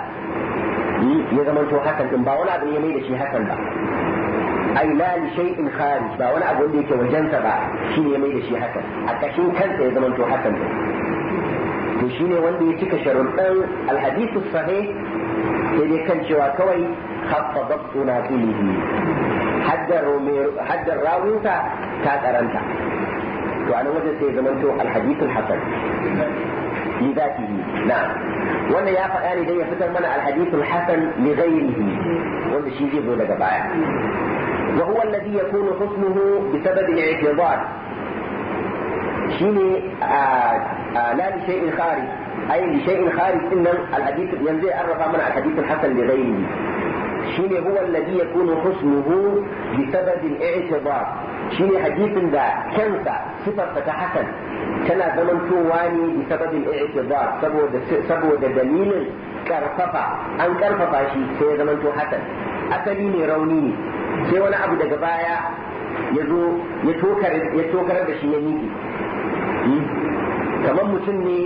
يا زمان تو حسن ان باونا ابن يميل ده شي حسن ده اي لا لشيء خارج باونا ابن ده يكي وجنسا شي يمي شي حسن الكشين كنسا يا شو حسن to shine wanda ya cika sharuɗan alhadisu sahih sai dai kan cewa kawai haffa babtu na filihi haddar rawinsa ta karanta to a nan wajen sai zama to alhadisu hasan li zatihi na wannan ya faɗa ne dai ya fitar mana alhadisu hasan li ghairihi wanda shi zai zo daga baya وهو الذي يكون حسنه بسبب الاعتضاد shine la li shay'in kharij ay li shay'in kharij innan al hadith yanzu ya arrafa mana al hadith al hasan li ghayrihi shine huwa alladhi yakunu husnuhu bi sabab al i'tibar shine hadithin da kansa sifar ta hasan tana zamantowa ne bi sabab al i'tibar saboda saboda dalilin karfafa an karfafa shi sai ya zamanto hasan asali ne rauni ne sai wani abu daga baya ya zo ya tokarar da shi ya miki kamar mutum ne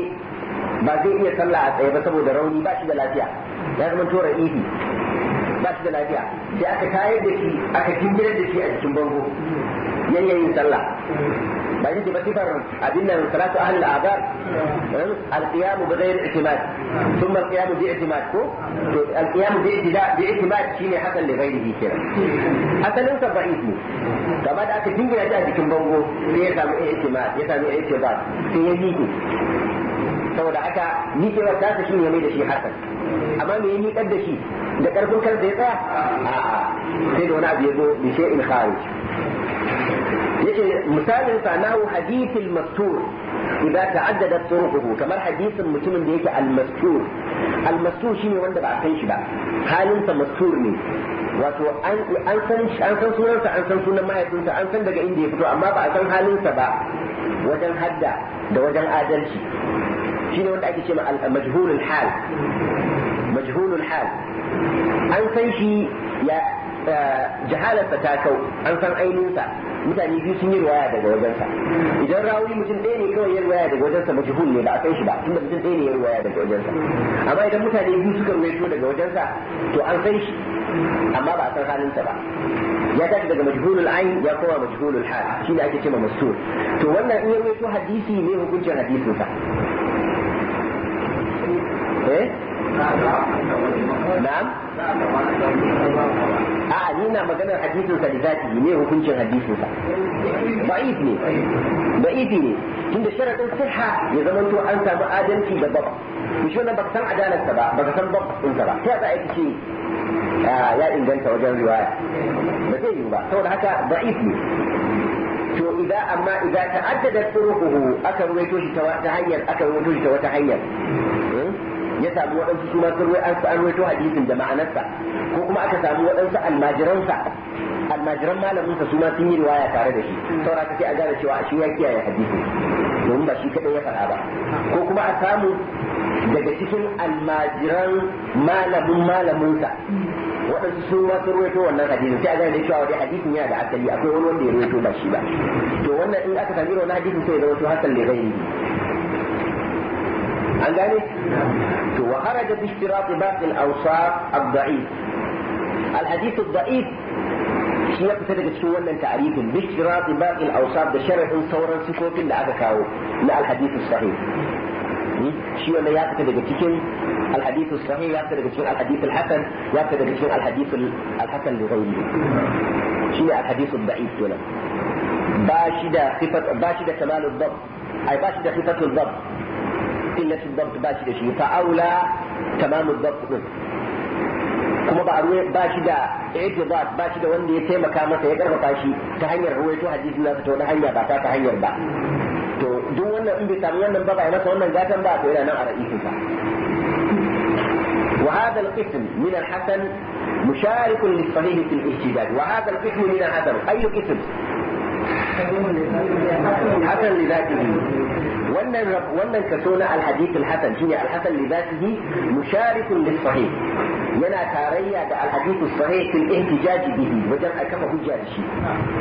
ba zai iya sallah a tsaye ba saboda rauni ba shi da lafiya ya zama tora ihi ba shi da lafiya sai aka tayar da shi aka kimbirar da shi a cikin bango yayyayin sallah ba shi ba sifar abin nan salatu ahlul azar hm? al-qiyam bi ghayr i'timad thumma al-qiyam bi i'timad ko to bi i'timad shine hakan da ghairihi kenan asalin sa da'if ne gaba da aka dingina shi a jikin bango sai ya samu i'timad ya a sai ya saboda ta shi ne mai da shi hasan amma me ya miƙar da shi da ya tsaya a'a sai da wani abu ya zo bi in kharij yace misalin sa nahu hadithil mastur idza ta'addadat turuquhu kamar hadisin mutumin da yake al-mastur al-mastur shine wanda ba a san shi ba halin sa ne wato an an san an san sunansa an san sunan mahaifinsa an san daga inda ya fito amma ba a san halinsa ba wajen hadda da wajen adalci shine wanda ake cewa majhulul hal majhulul hal an san shi ya jahalarsa ta kau an san ainihinsa mutane biyu sun yi ruwaya daga wajensa idan rawi mutum ɗaya ne kawai ya ruwaya daga wajensa majhul ne ba a san shi ba tunda mutum ɗaya ne ya ruwaya daga wajensa amma idan mutane biyu suka ruwaito daga wajensa to an san shi amma ba a san sa ba ya tashi daga majhulul ayn ya koma majhulul hal shine ake cewa masur to wannan in ya ruwaito hadisi ne hukuncin hadisinsa eh na'am a ni na maganar hadisin da zati ne hukuncin hadisin sa da'if ne da'ifi ne tunda sharadin sihha ya zamanto an samu adalci da bab ku shi baka san adalarsa ba baka san bab din ba sai za a yi ce ah, ya inganta wajen riwaya ba zai yi ba saboda haka da'if ne to idan amma idan ta'addada turuhu aka ruwaito shi ta hanyar aka ruwaito shi ta wata hanyar hmm? ya samu waɗansu su ma sun an ruwaito hadisin da ma'anarsa ko kuma aka samu waɗansu almajiransa almajiran malaminsa su sun yi riwaya tare da shi saura ta ce a gane cewa shi ya kiyaye hadisi domin ba shi kaɗai ya faɗa ba ko kuma a samu daga cikin almajiran malamin malaminsa waɗansu sun ma sun ruwaito wannan hadisin sai a gane cewa wani hadisin yana da asali akwai wani wanda ya ruwaito ba shi ba to wannan in aka sami wani hadisin sai ya zama to hasan da zai yi عن ذلك وخرج باشتراط باقي الاوصاف الضعيف الحديث الضعيف شيء يقصدك شو ولا تعريف باشتراط باقي الاوصاف ده صورا ثورا سكوت لا كاو لا الحديث الصحيح شيء ولا يقصدك تكن الحديث الصحيح يقصدك تكن الحديث الحسن يقصدك تكن الحديث الحسن لغيره شيء الحديث الضعيف ولا باشدة صفة باشدة كمال الضبط أي باشدة صفة الضبط التي الضبط باشي دشي فأولى تمام الضبط منه كما بعد باشي دا إيه ضبط باشي دا وندي يتي مكامة يقرر باشي تهنير هو يتو حديث الله تتو نهنير باتا تهنير با تو دو وانا امبي تاميان من بابا هنا فوانا نجاتا با تو إلا نعرى إيه وهذا القسم من الحسن مشارك للصحيح في الاهتداء وهذا القسم من الحسن أي قسم؟ حسن لذاته wannan wannan kaso na alhadith alhasan shine alhasan li zatihi musharikun lis sahih yana tarayya da alhadith sahih fil ihtijaj bihi wajen a kafa hujja da shi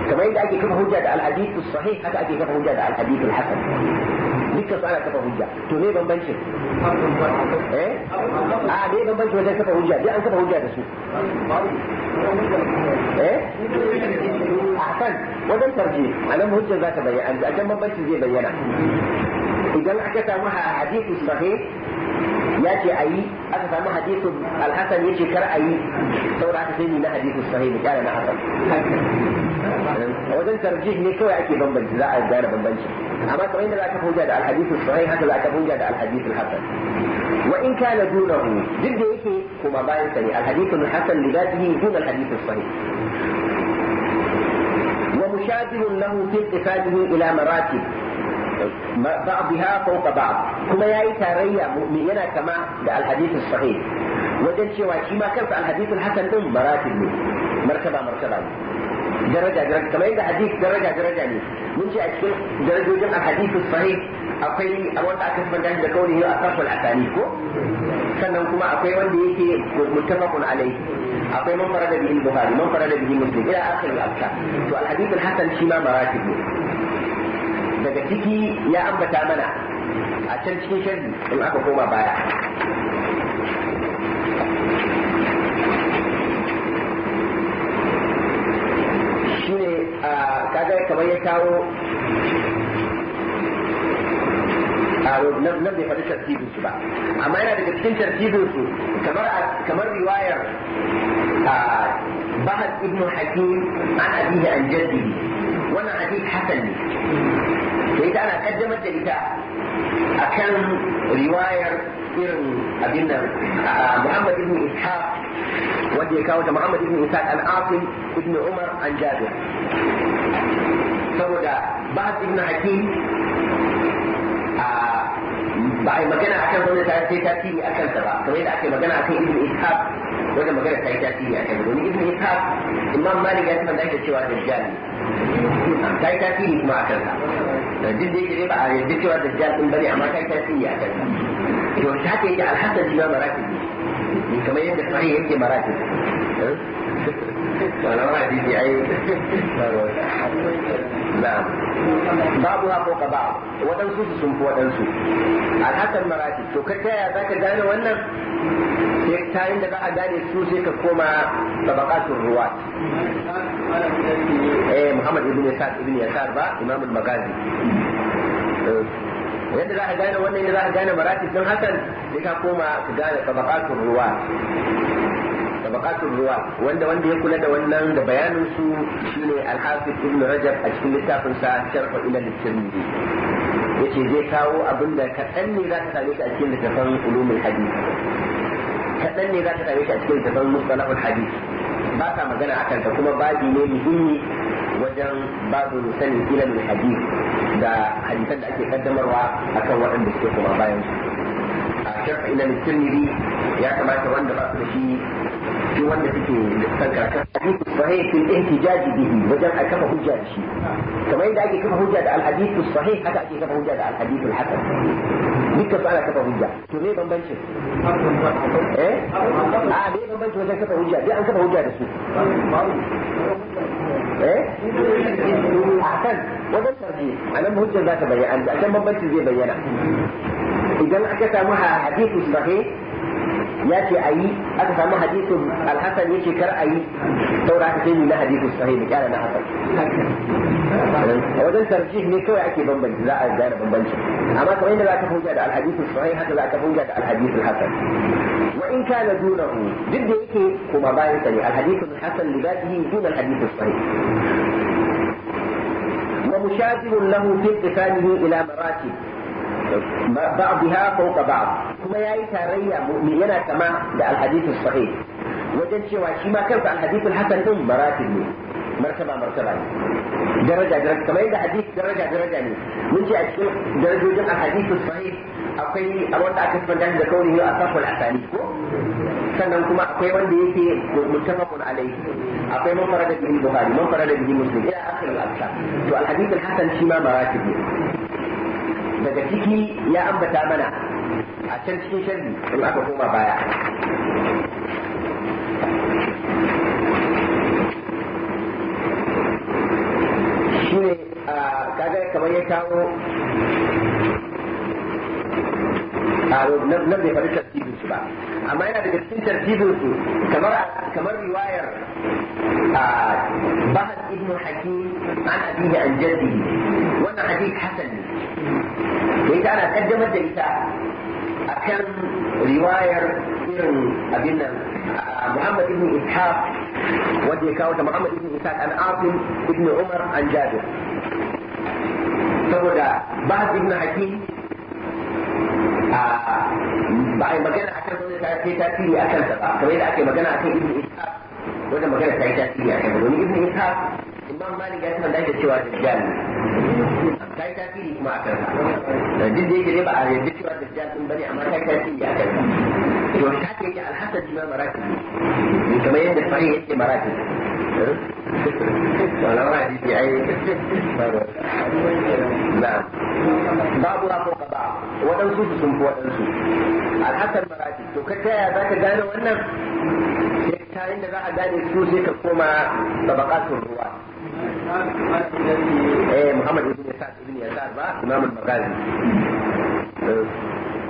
kamar yadda ake kafa hujja da alhadith sahih haka ake kafa hujja da alhadith alhasan dukkan su ana kafa hujja to me bambancin eh a me bambancin wajen kafa hujja dai an kafa hujja da su eh a kan wajen tarji a nan hujjar za ta bayyana a can bambancin zai bayyana idan aka samu hadisi sahih ya ce a yi aka samu hadisin alhassan ya ce kar a yi saboda aka sai ni na hadisin sahih mu kyara na hasan a wajen tarjih ne kawai ake bambanci za a gane bambanci amma kamar yadda za ka hujja da alhadisu sahih haka za ka hujja da alhadisu hasan wa in kana dunahu duk da yake kuma bayan sa ne alhadisu hasan li dhatihi dun alhadisu sahih wa mushadilun lahu fi ittifalihi ila maratib بعضها فوق بعض كما يأي تاريا مؤمنين كما الحديث الصحيح wajen cewa shi ma kansa alhadithul hasan din maratib ne martaba martaba daraja daraja kamar yadda hadith daraja daraja ne mun ce a cikin darajojin alhadithul sahih akwai wanda aka san da kauli a asafal asani ko sannan kuma akwai wanda yake muttafaqun alai akwai man farada bihi bukhari man farada bihi muslim ila to alhadithul hasan shi ma ne daga ciki ya ambata mana a can cikin sharhi in aka koma baya Shi ne shine kaga kamar ya kawo nan bai faɗi tartibin su ba amma yana daga cikin tartibin su kamar kamar riwayar bahar ibn Hakim an abihi an jaddihi wannan hadith hasan ne da ita ana kaddamar da ita a kan riwayar irin abin nan Muhammad ibn Ishaq wanda ya kawo ta Muhammad ibn Ishaq al-Asim ibn Umar an Jabir saboda Bahas ibn Hakim ba a magana a kan gwamnati ta yi tasiri a kansa ba kamar yadda ake magana a kan ibn ishaq wajen magana ta yi tasiri a kansa domin ibn ishaq imam malik ya tana da cewa dajjal ne ta yi tasiri kuma a kansa duk da yake ba a yarda cewa da jafin bane amma kai ta fi ta kai to haka yake alhassan shi ma maratib ne kamar yadda sahih yake maratib ولو هذه عين نعم بعضها فوق بعض waɗansu su sun fi waɗansu alhakan marati to ka taya za ka gane wannan sai ta da za a gane su sai ka koma tabakatun ruwa eh Muhammad ibn Yasar ibn Yasar ba Imam al maghazi eh, yadda za a gane wannan yadda za a gane maratib din hasan sai ka koma ka gane tabaqatul ruwa tabaqatul ruwa wanda wanda ya kula da wannan da bayanin su shine al-hafiz ibn rajab a cikin littafin sa sharh ila al tirmidhi yace zai kawo abinda kaɗan ne za ka same shi a cikin littafin ulumul hadith kaɗan ne za ka same shi a cikin littafin mustalahul hadith ba ta magana akan ta kuma babi ne muhimmi wajen babu sanin ilal hadis da hadisan da ake kaddamarwa akan waɗanda suke kuma bayan su a shirka ilal ya kamata wanda ba su da shi shi wanda suke lissanka hadithu sahih fil ihtijaj bihi wajen a kafa hujja da shi kamar yadda ake kafa hujja da al hadithu sahih haka ake kafa hujja da al hadithu al hasan dukkan su kafa hujja to me bambancin eh a ah, me bambancin wajen kafa hujja dai an kafa hujja da su eh kan wajen tarji anan hujja za ta bayyana a can bambancin zai bayyana idan aka samu hadithu sahih ya ce a yi aka samu hadisin alhassan ya ce kar a yi saura ta sai na hadisin sahih da kyara na hasan a wajen tarjih ne kawai ake bambanci za a gane bambanci amma kamar yadda za ka hujja da alhadisin sahih haka za ka hujja da alhadisin hasan wa in kana dunahu duk da yake kuma bayan sa ne alhadisin hasan li zatihi dun alhadisin sahih ومشابه له في اتصاله الى مراتب بعضها فوق بعض kuma yayi tarayya mu'min yana kama da alhadith sahih wajen cewa shi ma kansa alhadith hasan din maratib ne martaba martaba daraja daraja kamar yadda hadith daraja daraja ne mun ce a cikin darajojin alhadith sahih akwai a wanda aka san da kauri a asaful asali ko sannan kuma akwai wanda yake muttafaqun alaihi akwai man farada bihi bukhari man farada bihi muslim ila akhir al-asar to al-hadith al-hasan shi ma maratib ne daga ciki ya ambata mana a can cikin sharhi in aka koma baya shine kaga kamar ya kawo nan bai faɗi tartibin su ba amma yana daga cikin tartibin su kamar kamar riwayar bahar ibn hakim an abihi an jaddi wannan hadith hasan ne to ita ana kaddamar da ita a kan riwayar irin abin nan Muhammad ibn Ishaq wanda ya kawo ta Muhammad ibn Ishaq an Asim ibn Umar an Jabir saboda Bahad ibn Hakim ba a yi magana a kan wani tasiri a kansa ba kamar yadda ake magana a kan ibn Ishaq wajen magana ta yi tasiri a kan domin ibn ishaq imam malik ya san da yake cewa dajjal ta yi ta tasiri kuma a kan da duk da yake ba a yarda cewa dajjal din bane amma ta yi ta tasiri a kan to ta yake alhasan ma maratib kamar yadda fari yake maratib ولو حديث عين نعم babu na fauka ba waɗansu su sun fi waɗansu alhassan marati to ka taya za ka gane wannan sai ta da za a gane su sai ka koma tabaqatul ruwa eh muhammad ibn yasar ibn yasar ba imam al-maghazi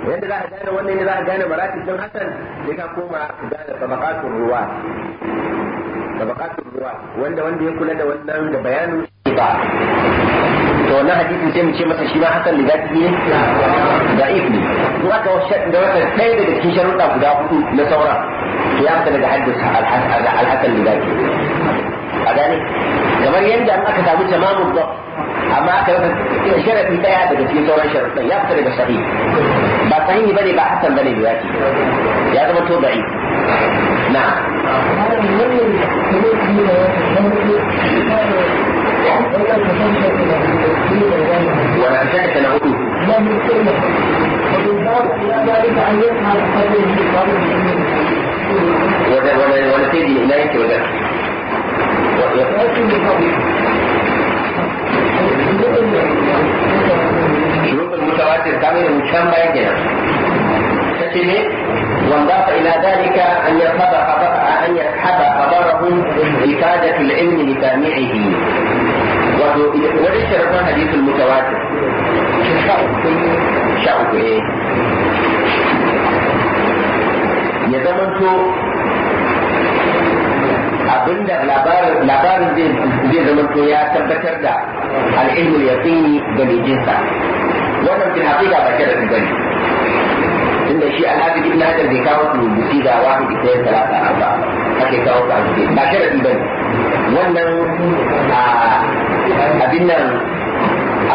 yadda za a gane wannan ya za a gane marati Hassan hasan sai ka koma ka gane tabaqatul ruwa tabaqatul ruwa wanda wanda ya kula da wannan da bayanin ba to wannan hadisi sai mu ce masa shi ma hasan da zaki ne da ibni in aka washe da wata ɗaya daga cikin sharuɗa guda hudu na saura to ya fita daga haddasa al-hasan da zaki a gane kamar yadda aka samu tamamun ba amma aka rasa sharafi ɗaya daga cikin sauran sharuɗan ya fita daga sahih ba sahihi bane ba hasan bane da zaki ya zama to da'i نعم ولا شك أنا أقول ولا ولا ولا تدي إليك ولا شروط المتواتر تعمل المجتمع كده تتمي واضاف الى ذلك ان يرحب خبر ان يرحب خبره افاده العلم لسامعه وليس رقم حديث المتواتر ya zamanto abinda labarin zai zamanto ya tabbatar da al'ilmul yaqini ga mai wannan bin haƙiƙa ba da gani tunda shi alhaji ibn hajar bai kawo su rubuci ga wahid sai salata arba ake kawo su a cikin ba sharadi bane wannan abin nan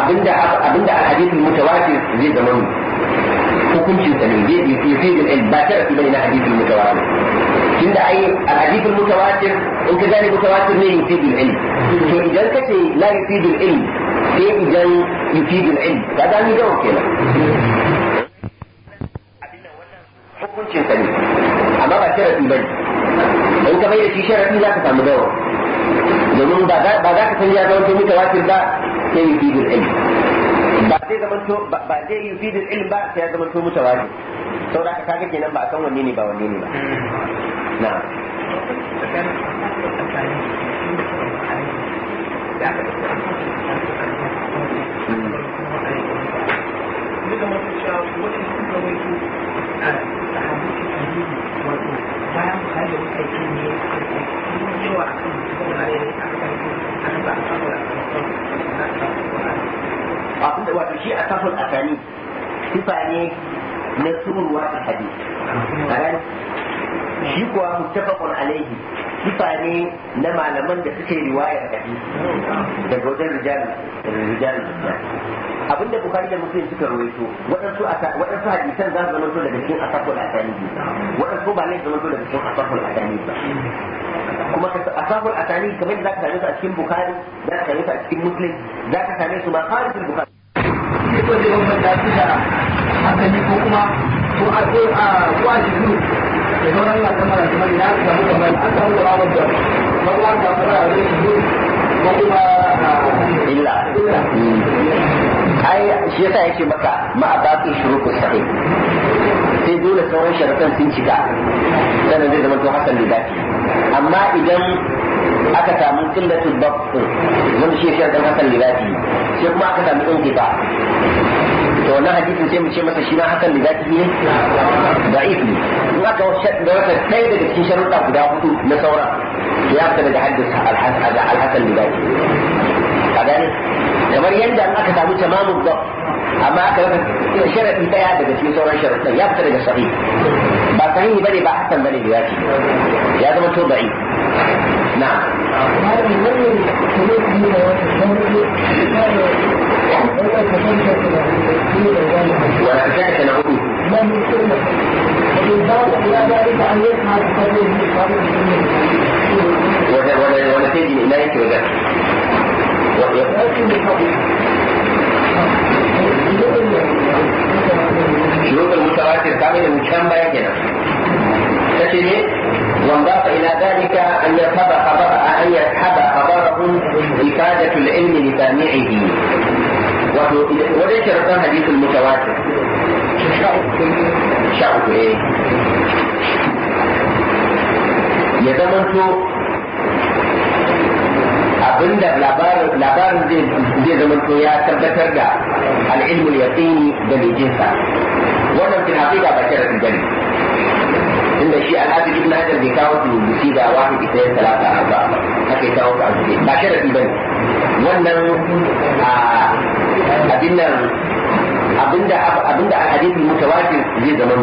abinda abinda alhaji mutawatir zai zama hukuncin sa ne zai yi zai yi ba sharadi bane na hadisi mutawatir tunda ai alhaji mutawatir in ka gane mutawatir ne yufidul ilm to idan kace la yufidul ilm sai idan yufidul ilm kaga ni gawo kenan hukuncin sa ne amma ba sharafi ba in ka bayyana shi sharafi za ka samu dawa domin ba za ka san ya zama to mutawatir ba sai yi fidin ilmi ba zai zama to ba zai yi fidin ilmi ba sai ya zama to mutawatir saboda ka kaga kenan ba a san wanne ne ba wanne ne ba na Thank you. wato bayan da a a wato shi a kafin sifa ne na sururwa a hadis shi kuwa muttafaqun alaihi sifa ne na malaman da suke riwayar hadisi daga wajen rijal rijal abinda bukari da muslim suka rawaito waɗansu waɗansu hadisan za su zama to daga cikin asaful asani waɗansu ba lai zama to daga cikin asaful asani ba kuma asaful asani kamar yadda za same su a cikin bukari za ka same su a cikin muslim za ka same su ba kharijul bukari ko da wannan da su da hankali ko kuma ko a ko a wajibi da sauran al'amura da mai na samu kamar an samu rawar da wani wanda fara da shi ko kuma ah, illa illa mm. ai shi yasa yake maka ma abaqi shuruqus sahih sai dole sauran sharuɗan sun cika sannan zai zama to hasan da amma idan aka samu qillatul dabt wanda shi sharuɗan hasan da dace sai kuma aka samu inqiba to wannan hadisin sai mu ce masa shi ma hasan da ke ne da'if ne in aka da wata ɗaya daga cikin sharuɗa guda hudu na sauran ya fita daga haddasa al-hasan da a gane kamar yadda aka samu tamamun ba amma aka yi sharafi daya daga cikin sauran sharafin ya fita daga sahih ba sahihi bane ba hasan bane da yaki ya zama to ba'i na ولا كذلك نعود ولا ولا ولا تجد إليك شروط المتواتر تعمل المجتمع يجنا تجري وانضاف الى ذلك ان يسحب خبر ان يسحب خبره افاده العلم لسامعه وليس رقم حديث المتواتر شعب ايه يا abinda labarin labarin zai zama to ya tabbatar da al'ilmul yaqini da bijinsa wannan fina-fi da ba shirin gani inda shi al'adu ibn hajar bai kawo su bisi da wahid ita ya salata arba haka ya kawo su a zuke ba shirin bane wannan abin abinda abinda a hadisi mutawatir zai zama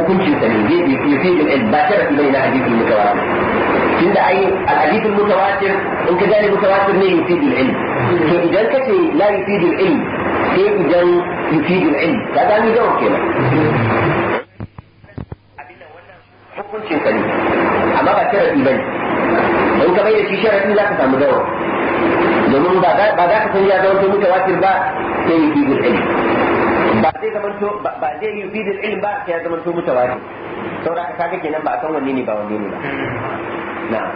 hukuncin sa ne zai fi fi ba da gani na hadisi mutawatir tunda ai al-hadith al-mutawatir in ka gane mutawatir ne yufidul ilm to idan kace la yufidul ilm sai idan yufidul ilm ka gani da kenan abinda wannan hukuncin ka ne amma ba sharadi bane in ka bayyana shi sharadi za ka samu dawo domin ba za ka san ya zama mutawatir ba sai yufidul ilm ba zai to ba zai yufidul ilm ba sai ya zamanto mutawatir saboda kaga kenan ba a san wanne ne ba wanne ne ba نعم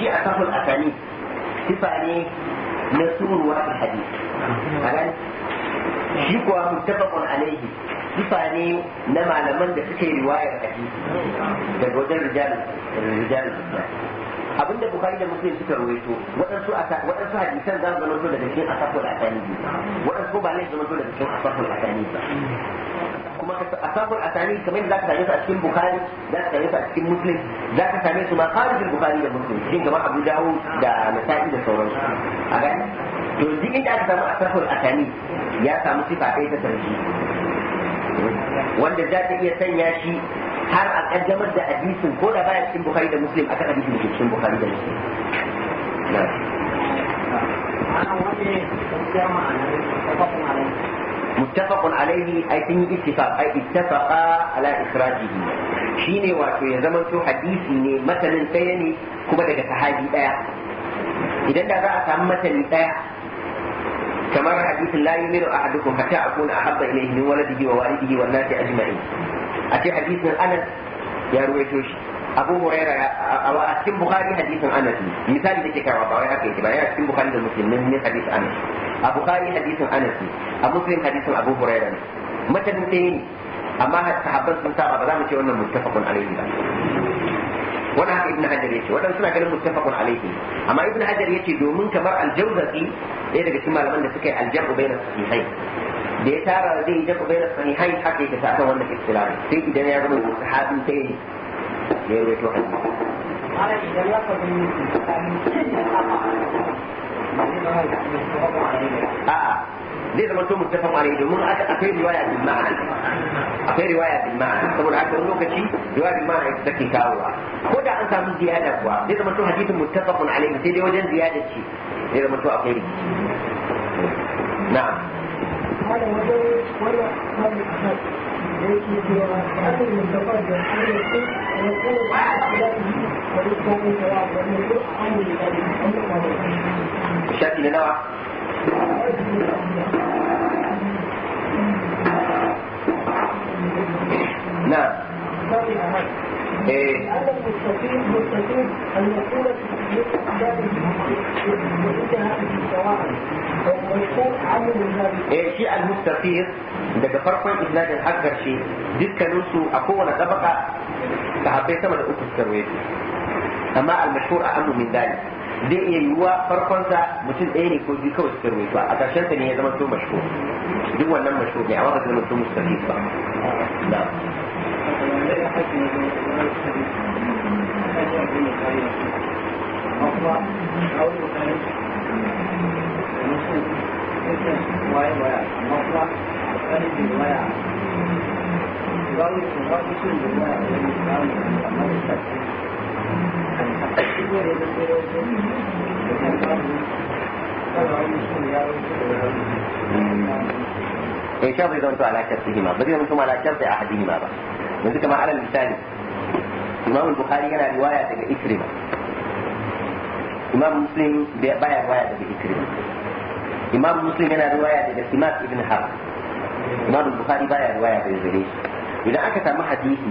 shi a sahul asani sifa ne na hadisi shi kuwa muttafaqun alaihi sifa ne na malaman da suka yi riwayar hadisi daga wajen rijal abinda bukari da muslim suka rawaito waɗansu waɗansu hadisan za su zama daga cikin asaful asani waɗansu ba ne zama daga cikin asaful asani ba kuma asabul asani kamar za ka same su a cikin bukari za ka same su a cikin muslim za ka same su ma kharijin bukari da muslim cikin gaba abu dawo da nasa'i da sauransu a gani to jikin da aka samu ya samu sifa ɗaya ta sarki wanda za ta iya sanya shi har a kaddamar da hadisin ko da baya cikin bukari da muslim akan hadisin da cikin bukari da muslim متفق عليه أي تني اتفاق أي اتفقا على إخراجه شيني واتو يا hadisi ne حديثي ني مثلا kuma كما sahabi صحابي idan دا za a samu masani ɗaya kamar hadisin la yu'minu ahadukum hatta akuna ahabba ilayhi min waladihi wa walidihi wan nasi ajma'in a ce hadisin anas ya ruwaito shi abu huraira a cikin bukhari hadisin anas ne misali da ke kawo ba wai haka yake ba yana cikin bukhari da muslim ne hadis anas a bukhari hadisin anas ne a muslim hadisin abu huraira ne ta yi ne amma sahabban sun saba ba za mu ce wannan muttafaqun alaihi ba wannan haka ibn hajar yace wannan suna ganin muttafaqun alaihi amma ibn hajar yace domin kamar al-jawzafi ɗaya daga cikin malaman da suka yi al-jam'u bayna sahihai da ya tara zai yi jam'u bayna sahihai haka yake sa wannan istilahi sai idan ya zama wani sahabi sai ya rawaito hadisi idan ya a'a zai zama to muttafaq alayhi, domin aka akwai riwaya bil ma'ana akwai riwaya bil ma'ana saboda haka wani lokaci riwaya bil ma'ana ita take kawowa ko da an samu ziyada kuwa zai zama to hadithun muttafaqun alayhi sai dai wajen ziyada ce zai zama to akwai rikici na'am shafi na nawa نعم ايه المستفيد مستفيد ان يكون shi al-mustafir daga farkon isnadin har karshe dukkaninsu a kowane tabaka sahabbai sama da uku suka rawaito amma al-mashhur a min dalik zai iya yiwuwa farkonsa mutum ɗaya ne ko biyu kawai suka rubutu a ƙarshen sa ne ya zama to mashko duk wannan mashko ne amma ba zama to mustaqim ba na Thank you. in eh, sha bai zanto ala sihima ba zai zanto ala sharti a ba yanzu kama misali yana riwaya daga muslim baya riwaya daga muslim yana riwaya daga ibn har baya riwaya daga idan aka samu hadisi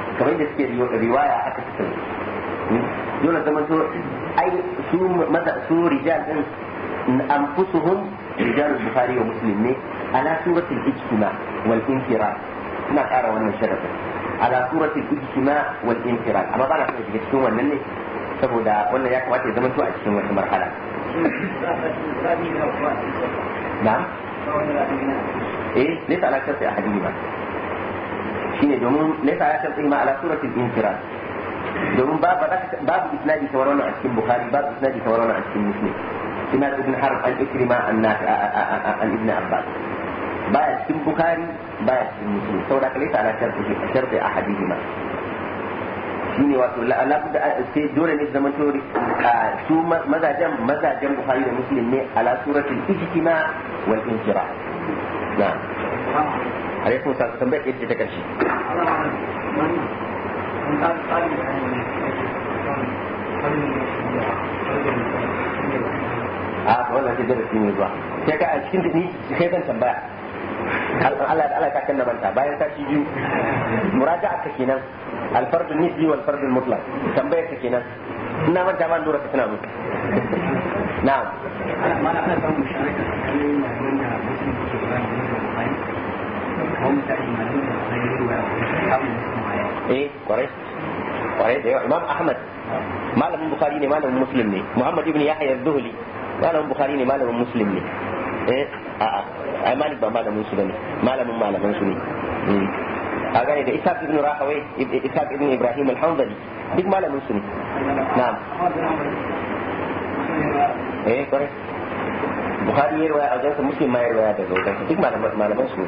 kamar da suke riwaya haka suka dole zaman to ai su maza su rijal din anfusuhum rijal bukhari wa muslim ne ala suratul ijtima wal infirad ina kara wannan sharafin ala suratul ijtima wal infirad amma ba na so shiga cikin wannan ne saboda wannan ya kamata ya zama to a cikin wata marhala na'am eh ne ta alakar sai a hadini ba شيني دومون ليس على شرط إما على سورة الانفراد دومون باب باب إسنادي ثورانا على سكين بخاري باب إسنادي ثورانا على سكين مسلم سمات ابن حرب الإكرماء عن ابن عباس باب سكين بخاري باب سكين مسلم ثورة ليس على شرط شرط أحدهما شيني واتو لا لا بد سي دور نيز زمان تور سو ماذا جنب ماذا جم بخاري ومسلم على سورة الاجتماع والانفراد نعم alaikum salam tambayar ita ta karshe a to wannan sai darasi ne zuwa sai ka a cikin ni sai zan tambaya Allah da Allah ta kanna banta bayan sati biyu muraja'a ka kenan alfardu nisbi wal fardu mutlaq tambayar ka kenan ina manta ban dora ka tana mu na'am ايه قريش قريش ايوه امام احمد مالهم البخاري ني مالهم مسلم ني محمد بن يحيى الذهلي مالهم البخاري ني مالهم مسلم ني ايه اه اه اي مالك بابا ده مسلم مالهم مالهم مسلم اگر ده اسحاق ابن راهوي اسحاق ابن ابراهيم الحنظلي ديك مالهم مسلم نعم ايه قريش بخاري يروي اجازه مسلم ما يروي هذا ديك مالهم مالهم مسلم